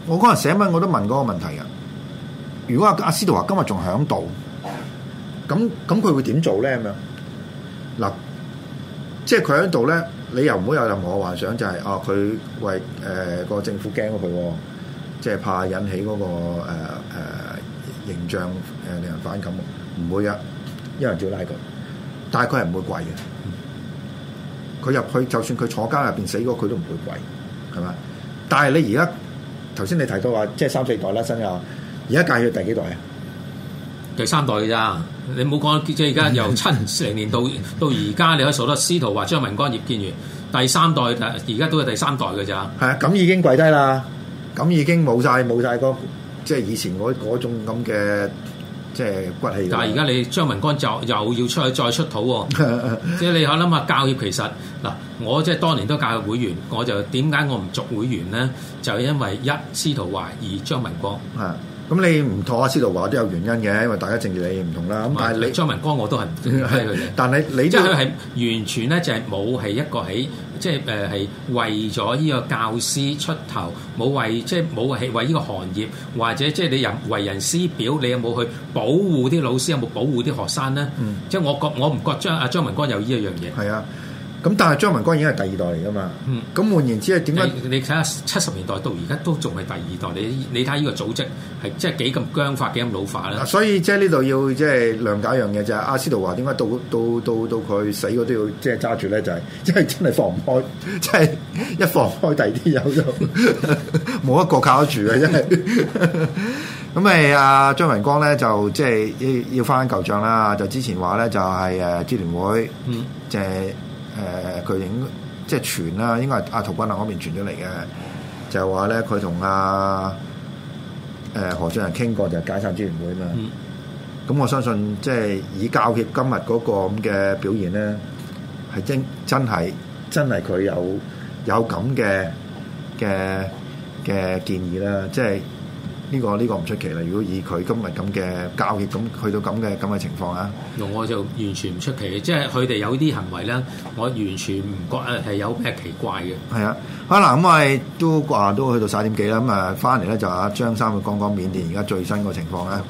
我嗰日寫文我都問嗰個問題㗎。如果阿阿司徒華今日仲喺度，咁咁佢會點做咧咁樣？嗱、嗯，即係佢喺度咧，你又唔好有任何幻想，就係、是、哦，佢為誒個政府驚嘅，即係怕引起嗰、那個誒誒、呃呃、形象誒令人反感。唔會啊，一人照拉佢，但係佢係唔會跪嘅。佢入去就算佢坐監入邊死過，佢都唔會跪，係咪？但係你而家頭先你提到話，即係三四代啦，真有。而家教協第幾代啊？第三代嘅咋？你冇講即係而家由七零年到到而家， 你可以數得司徒華、張文光、葉建源，第三代而家都係第三代嘅咋？係啊，咁已經跪低啦，咁已經冇晒，冇晒嗰即係以前嗰種咁嘅即係骨氣。但係而家你張文光又又要出去再出土喎、哦？ 即係你可諗下教協其實嗱，我即係當年都教協會員，我就點解我唔續會員咧？就因為一司徒華，二張文光。咁你唔妥阿司徒華都有原因嘅，因為大家政治理念唔同啦。咁但係張文光我都係唔認佢嘅。 但係你即係佢完全咧，就係冇係一個喺即係係為咗呢個教師出頭，冇為即係冇係為呢個行業，或者即係你人為人師表，你有冇去保護啲老師，有冇保護啲學生咧？即係、嗯、我覺我唔覺張阿張文光有呢一樣嘢。係啊。咁但係張文光已經係第二代嚟噶嘛？嗯，咁換言之咧，點解你睇下七十年代到而家都仲係第二代？你你睇呢個組織係即係幾咁僵化、幾咁老化咧？所以即係呢度要即係諒解一樣嘢就係阿司徒華點解到到到到佢死嗰都要即係揸住咧？就係、是、即係真係放唔開，即係、 就是、一放開第二啲有冇一個靠得住嘅，真係。咁咪阿張文光咧就即係要要翻舊帳啦。就之前話咧就係、是、誒、啊、支聯會，嗯，就是誒佢、呃、應該即傳啦，應該係阿陶君啊嗰邊傳出嚟嘅，就話咧佢同阿誒何俊仁傾過，就是、解散支聯會啊嘛。咁、嗯、我相信即係以教協今日嗰個咁嘅表現咧，係真真係真係佢有有咁嘅嘅嘅建議啦，即係。呢、這個呢、這個唔出奇啦。如果以佢今日咁嘅交易，咁去到咁嘅咁嘅情況啊，我就完全唔出奇。即係佢哋有啲行為咧，我完全唔覺得係有咩奇怪嘅。係啊，好、啊、啦，咁、嗯、我都掛、啊、都去到三點幾啦。咁、嗯、啊，翻嚟咧就阿張三去講講緬甸而家最新個情況啦。